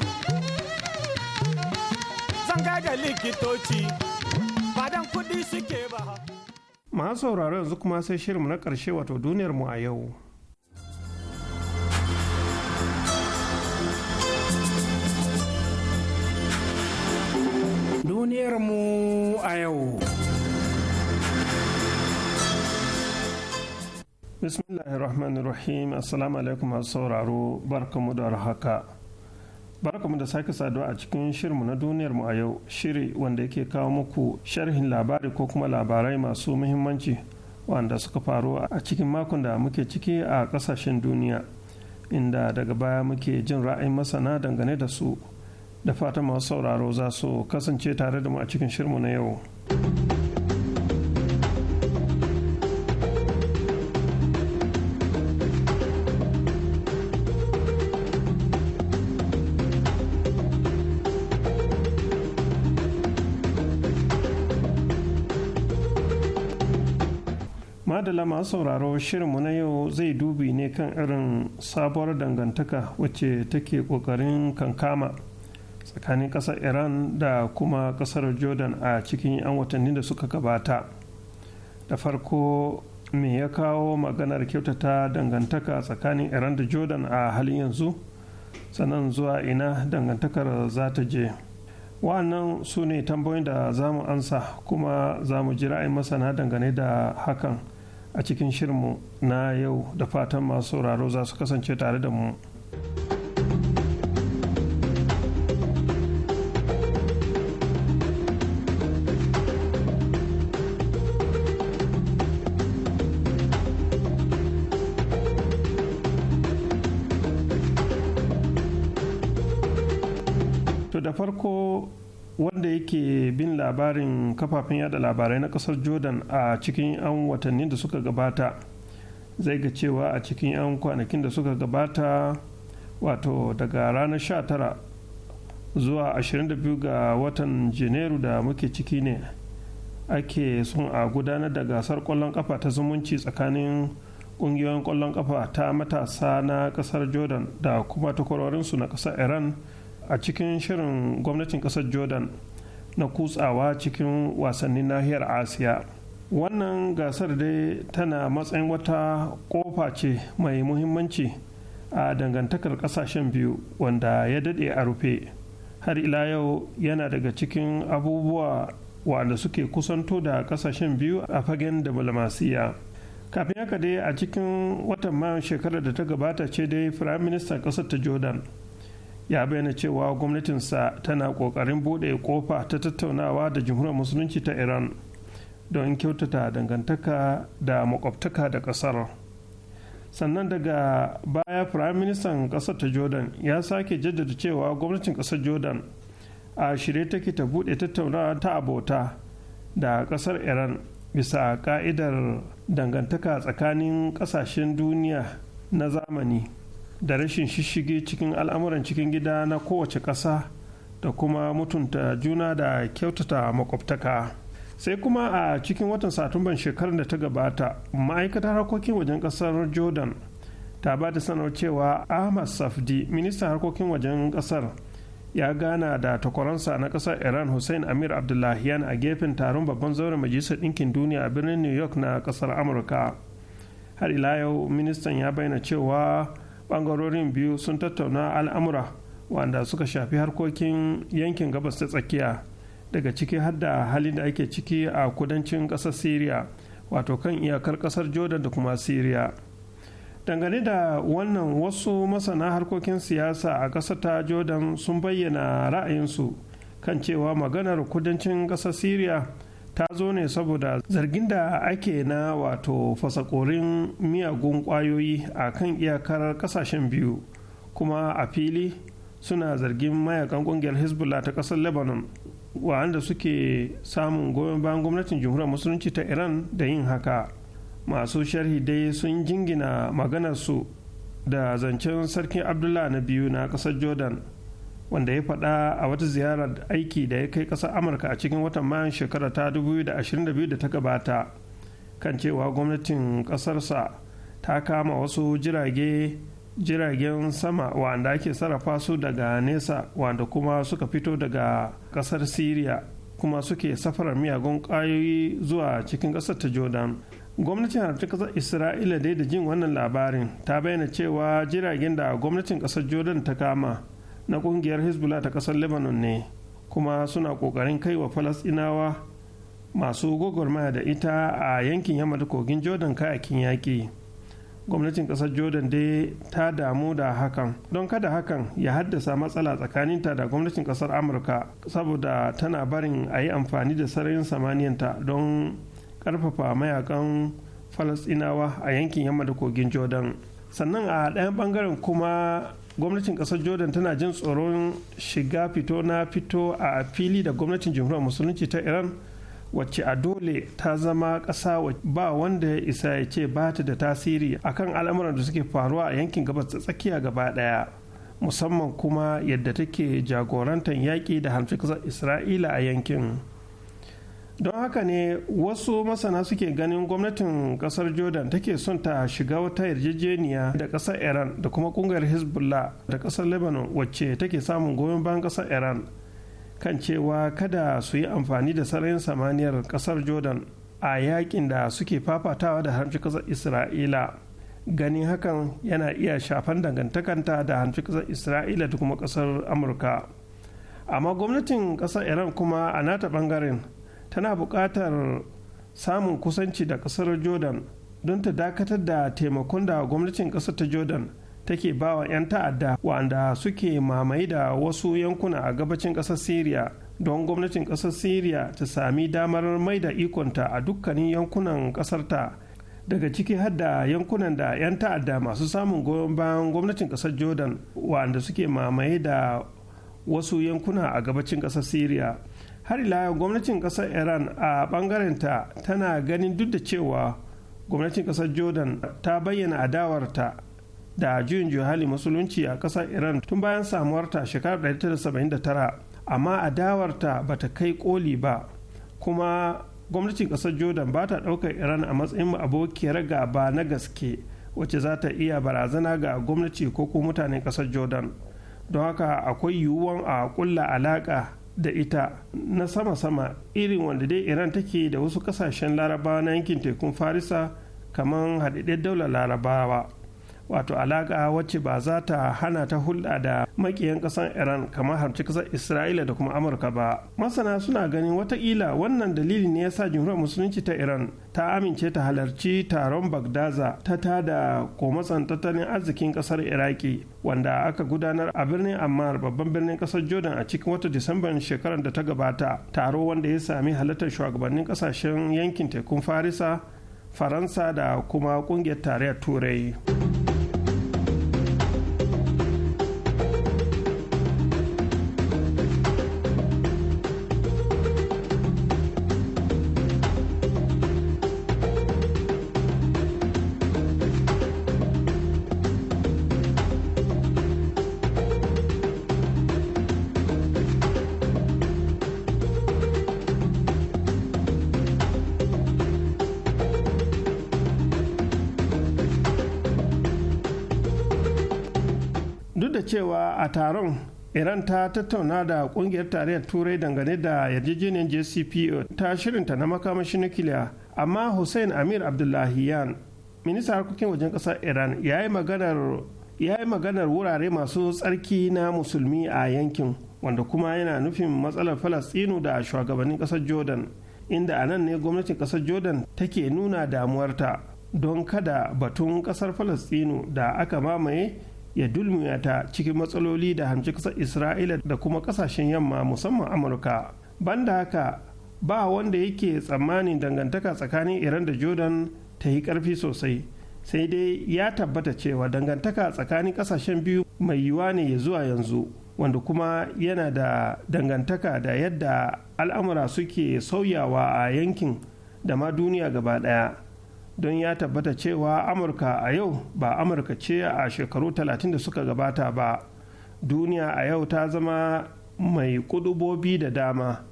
Zan gaida likitoci badan kuɗi suke ba. Masu sauraro yanzu kuma sai shirinmu na ƙarshe wato duniyarmu a yau. duniyar mu a yau. Bismillahirrahmanirrahim Assalamu alaikum masu sauraro barkamu da haka. Barkamu da sake saduwa a cikin shirmu na duniyarmu a yau shiri wanda yake kawo muku sharhin labari ko kuma labarai masu muhimmanci wanda suka faru a cikin makon da muke ciki a kasashen duniya inda daga baya muke jin ra'ayin masana dangane da su. da fata masu sauraro za su kasance tare da mu a cikin shirmu na yau. madala masu sauraro shirinmu na yau zai dubi ne kan irin sabuwar dangantaka wacce take kokarin kankama tsakanin kasar iran da kuma kasar jordan a cikin 'yan watanni da suka gabata da farko me ya kawo maganar kyautata dangantaka tsakanin iran da jordan a halin yanzu sannan zuwa ina dangantakar za ta je wa'annan su ne tambayoyin da za mu ansa kuma za mu ji ra'ayin masana dangane da hakan a cikin shirinmu na yau da fatan masu sauraro za su kasance tare da mu. wanda yake bin labarin kafafen yada labarai na kasar jordan a cikin 'yan watannin da suka gabata zai ga cewa a cikin 'yan kwanakin da suka gabata wato daga ranar 19 zuwa 22 ga watan janairu da muke ciki ne ake sun a gudanar da gasar kwallon kafa ta zumunci tsakanin kungiyoyin kwallon kafa ta matasa na kasar jordan da kuma takwarorinsu na kasar iran a cikin shirin gwamnatin ƙasar jordan na kutsawa cikin wasannin nahiyar asiya wannan gasar dai tana matsayin wata kofa ce mai muhimmanci a dangantakar ƙasashen biyu wanda ya dade a rufe har ila yau yana daga cikin abubuwa wanda suke kusanto da ƙasashen biyu a fagen diplomasiya. kafin haka dai a cikin watan mayun shekarar da ta gabata ce dai firayim ministan ƙasar ta jordan ya bayyana cewa gwamnatinsa tana ƙoƙarin buɗe ƙofa ta tattaunawa da jamhuriyar musulunci ta iran don kyautata dangantaka da makwabtaka da ƙasar sannan daga baya firayim ministan ƙasar ta jordan ya sake jaddada cewa gwamnatin ƙasar jordan a shirye take ta buɗe tattaunawa ta abota da ƙasar iran bisa ka'idar dangantaka tsakanin ƙasashen duniya na zamani. da rashin shishige cikin al'amuran cikin gida na kowace ƙasa da kuma mutunta juna da kyautata makwabtaka sai kuma a cikin watan satumban shekarar da ta gabata ma'aikatar harkokin wajen ƙasar jordan ta ba da sanar cewa ahmad safdi ministan harkokin wajen ƙasar ya gana da takwaransa na ƙasar iran hussein amir abdullahian a gefen taron babban zauren majalisar ɗinkin duniya a birnin new york na ƙasar amurka har ila yau ministan ya bayyana cewa bangarorin biyu sun tattauna al'amura wanda suka shafi harkokin yankin gabas ta tsakiya daga ciki har da halin da ake ciki a kudancin ƙasar syria wato kan iyakar ƙasar jordan da kuma syria dangane da wannan wasu masana harkokin siyasa a ƙasar ta jordan sun bayyana ra'ayinsu kan cewa maganar kudancin ƙasar syria ta zo ne saboda zargin da ake na wato fasakorin miyagun kwayoyi a kan iyakar kasashen biyu kuma a fili suna zargin mayakan kungiyar hezbollah ta kasar lebanon wa'anda suke samun goyon bayan gwamnatin jamhuriyar musulunci ta iran da yin haka masu sharhi dai sun jingina maganarsu da zancen sarkin abdullah na biyu na kasar jordan wanda ya faɗa a wata ziyarar aiki da ya kai ƙasar amurka a cikin watan mayan shekara ta 2022 da ta gabata kan cewa gwamnatin ƙasarsa ta kama wasu jirage jiragen sama wanda ake sarrafa su daga nesa wanda kuma suka fito daga ƙasar syria kuma suke safarar miyagun ƙwayoyi zuwa cikin ƙasar ta jordan gwamnatin harfi kasar isra'ila dai da jin wannan labarin ta bayyana cewa jiragen da gwamnatin ƙasar jordan ta kama na kungiyar hezbollah ta kasar lebanon ne kuma suna kokarin kai wa falasɗinawa masu gwagwarmaya da ita a yankin yamma da kogin jordan kayakin yaƙi gwamnatin ƙasar jordan dai ta damu da hakan don kada hakan ya haddasa matsala tsakaninta da gwamnatin ƙasar amurka saboda tana barin a yi amfani da sararin samaniyanta don ƙarfafa mayakan falasɗinawa a yankin yamma da kogin jordan sannan a ɗayan ɓangaren kuma gwamnatin kasar jordan tana jin tsoron shiga fito na fito a fili da gwamnatin jamhuriyar musulunci ta iran wacce a dole ta zama ƙasa ba wanda ya isa ya ce ba ta da tasiri akan al'amuran da suke faruwa a yankin gabas ta tsakiya gaba ɗaya musamman kuma yadda take jagorantar yaƙi da hamshi ƙasar isra'ila a yankin. don haka ne wasu masana suke ganin gwamnatin kasar jordan take son ta shiga wata yarjejeniya da kasar iran da kuma kungiyar hezbollah da kasar lebanon wacce take samun goyon bayan kasar iran kan cewa kada su yi amfani da sarayin samaniyar kasar jordan a yakin da suke fafatawa da hanci kasar isra'ila ganin hakan yana iya shafan dangantakanta da hanci kasar isra'ila da kuma kasar amurka amma gwamnatin kasar iran kuma a nata bangaren tana buƙatar samun kusanci da ƙasar jordan don ta dakatar da taimakon da gwamnatin ƙasar ta jordan take ba wa 'yan ta'adda wanda suke mamaye da wasu yankuna a gabacin ƙasar syria don gwamnatin ƙasar syria ta sami damar mai da ikonta a dukkanin yankunan ƙasar ta, daga ciki har da yankunan da 'yan ta'adda masu samun goyon bayan gwamnatin ƙasar jordan wanda suke mamaye da wasu yankuna a gabacin ƙasar syria har ila yau gwamnatin kasar iran a bangarenta tana ganin duk da cewa gwamnatin kasar jordan ta bayyana adawarta da juyin juhali musulunci a kasar iran tun bayan samuwarta shekarar 1979 amma adawarta ba ta kai koli ba kuma gwamnatin kasar jordan ba ta ɗaukar iran a matsayin abokiyar gaba na gaske wacce za ta iya barazana ga gwamnati ko mutanen kasar jordan don haka akwai yiwuwan a kulla alaka. da ita na sama-sama irin wanda dai iran take da wasu kasashen larabawa na yankin tekun farisa kamar haɗaɗɗen daular larabawa wato alaka wacce ba za ta hana ta hulɗa da makiyan ƙasar iran kamar harci kasar isra'ila da kuma amurka ba masana suna ganin watakila wannan dalili ne ya sa jumhuriyar musulunci ta iran ta amince ta halarci taron bagdaza ta tada komatsan tattalin arzikin ƙasar iraki wanda aka gudanar a birnin ammar babban birnin ƙasar jordan a cikin wata disamban shekarar da ta gabata taro wanda ya sami halartar shugabannin ƙasashen yankin tekun farisa faransa da kuma ƙungiyar tarayyar turai. taron iran ta tattauna da kungiyar tarayyar turai dangane da yarjejeniyar jcpo ta shirinta na makamashi nukiliya amma hussein amir abdullahiyan ministan harkokin wajen kasar iran ya yi maganar wurare masu tsarki na musulmi a yankin wanda kuma yana nufin matsalar falastinu da shugabannin kasar jordan inda a nan ne gwamnatin kasar jordan take nuna damuwarta don kada batun kasar falastinu da aka mamaye ya dulmiya ta cikin matsaloli da hamci kasar isra'ila da kuma kasashen yamma musamman amurka banda haka ba wanda yake tsammanin dangantaka tsakanin iran da jordan ta yi karfi sosai sai dai ya tabbata cewa dangantaka tsakanin kasashen biyu mai yiwuwa ne ya zuwa yanzu wanda kuma yana da dangantaka da yadda al'amura suke sauyawa a yankin da ma duniya gaba ɗaya don ya tabbata cewa amurka a yau ba amurka ce a shekaru 30 da suka gabata ba duniya a yau ta zama mai kudubobi da dama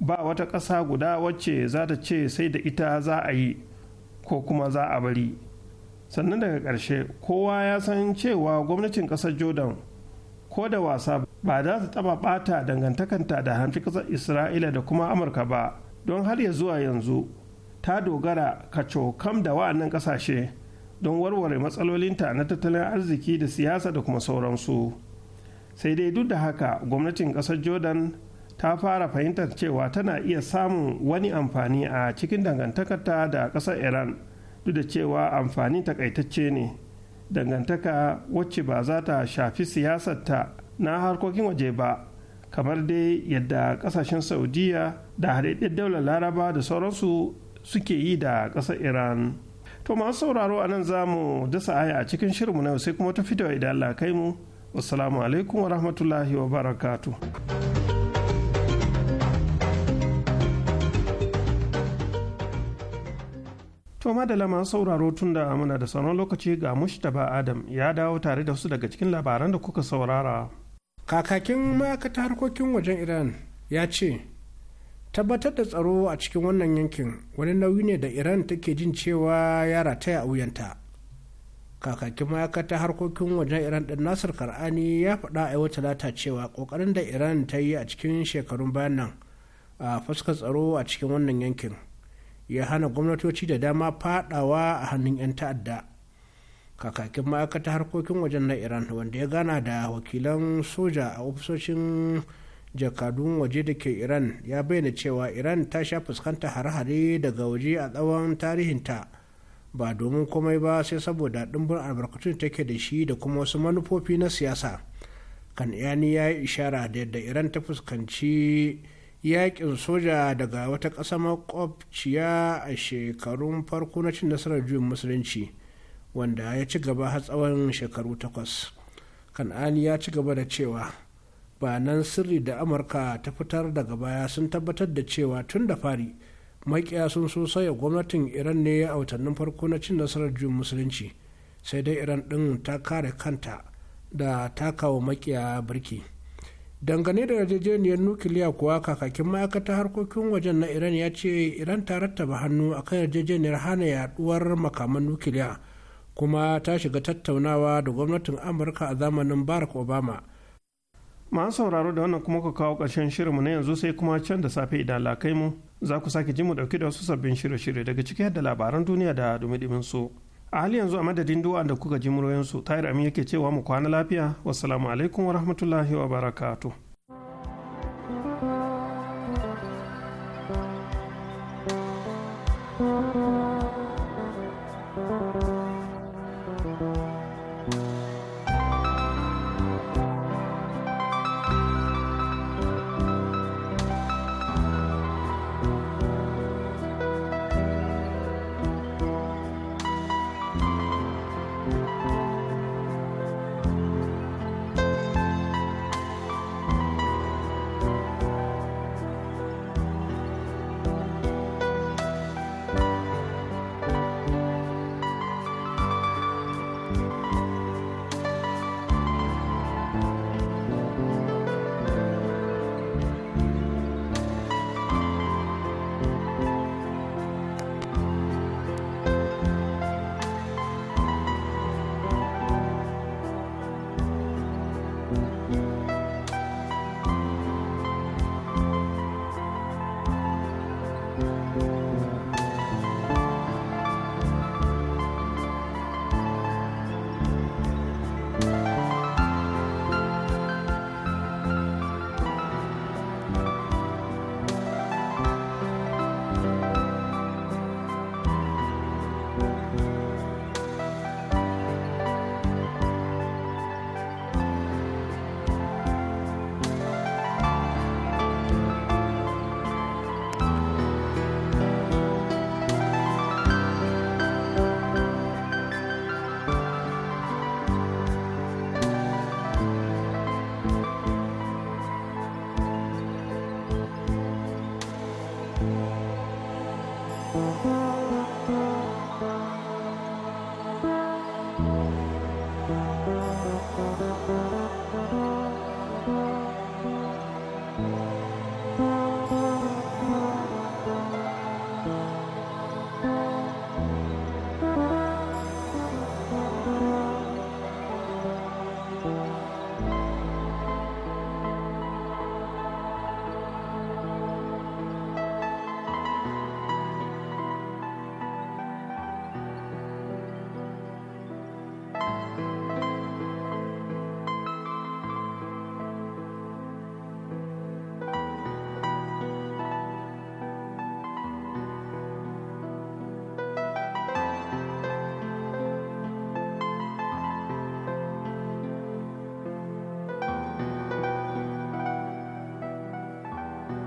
ba wata ƙasa guda wacce za ta ce sai da ita za a yi ko kuma za a bari sannan daga ƙarshe kowa ya san cewa gwamnatin ƙasar jordan ko da wasa ba za ta taba ɓata dangantakanta da hanfi ƙasar isra'ila da kuma amurka ba don har ya zuwa yanzu ta dogara kacokam da wa'annan ƙasashe don warware matsalolinta na tattalin arziki da siyasa da kuma sauransu sai dai duk da haka gwamnatin ƙasar jordan ta fara fahimtar cewa tana iya samun wani amfani a cikin dangantakarta da ƙasar iran duk da cewa amfani takaitacce ne dangantaka wacce ba za ta shafi siyasarta na harkokin waje ba kamar dai yadda kasashen saudiya da haɗaɗɗen daular laraba da sauransu suke yi da ƙasar iran to masu sauraro a nan za mu dasa aya a cikin shirinmu na yau sai kuma ta fito idan Allah kai mu assalamu alaikum wa rahmatullahi wa barakatu. To madala masu sauraro tun da muna da sauran lokaci ga Mushtaba Adam ya dawo tare da su daga cikin labaran da kuka saurara. Kakakin ma'aikata harkokin wajen Iran ya ce, tabbatar da tsaro a cikin wannan yankin wani nauyi ne da iran take jin cewa ya rataya a wuyanta kakakin ma'aikatar harkokin wajen iran din nasir kar'ani ya faɗa a yau talata cewa ƙoƙarin da iran ta yi a cikin shekarun bayan nan a fuskar tsaro a cikin wannan yankin ya hana gwamnatoci da dama faɗawa a hannun 'yan ta'adda kakakin ma'aikatar harkokin wajen na iran wanda ya gana da wakilan soja a ofisoshin jakadun waje da ke iran ya bayyana cewa iran ta sha fuskanta hare-hare daga waje a tsawon tarihinta ba domin komai ba sai saboda ɗimbin albarkatun take da shi da kuma wasu manufofi na siyasa kan yani ya yi ishara da yadda iran ta fuskanci yakin soja daga wata ƙasa makwabciya a shekarun farko na cin nasarar juyin musulunci wanda ya ci gaba har tsawon shekaru takwas kan ani ya ci gaba da cewa bayanan sirri da amurka ta fitar daga baya sun tabbatar da cewa tun da fari makiya sun so saya gwamnatin iran ne a watannin farko na cin nasarar jin musulunci sai dai iran din ta kare kanta da takawa makiya birki dangane da yarjejeniyar nukiliya kuwa kakakin ma'aikatar harkokin wajen na iran ya ce iran ta rattaba hannu akan yarjejeniyar hana yaduwar makaman nukiliya kuma ta shiga tattaunawa da gwamnatin amurka a zamanin barack obama masu sauraro da wannan kuma ku kawo ƙarshen shirinmu na yanzu sai kuma can da safe idan lakai mu za ku sake ji mu ɗauki da wasu sabbin shirye-shirye daga ciki da labaran duniya da dumi su a hali yanzu a madadin du'a da kuka ji muryoyinsu tayar amin yake cewa mu kwana lafiya wassalamu alaikum wa rahmatullahi wa barakatuh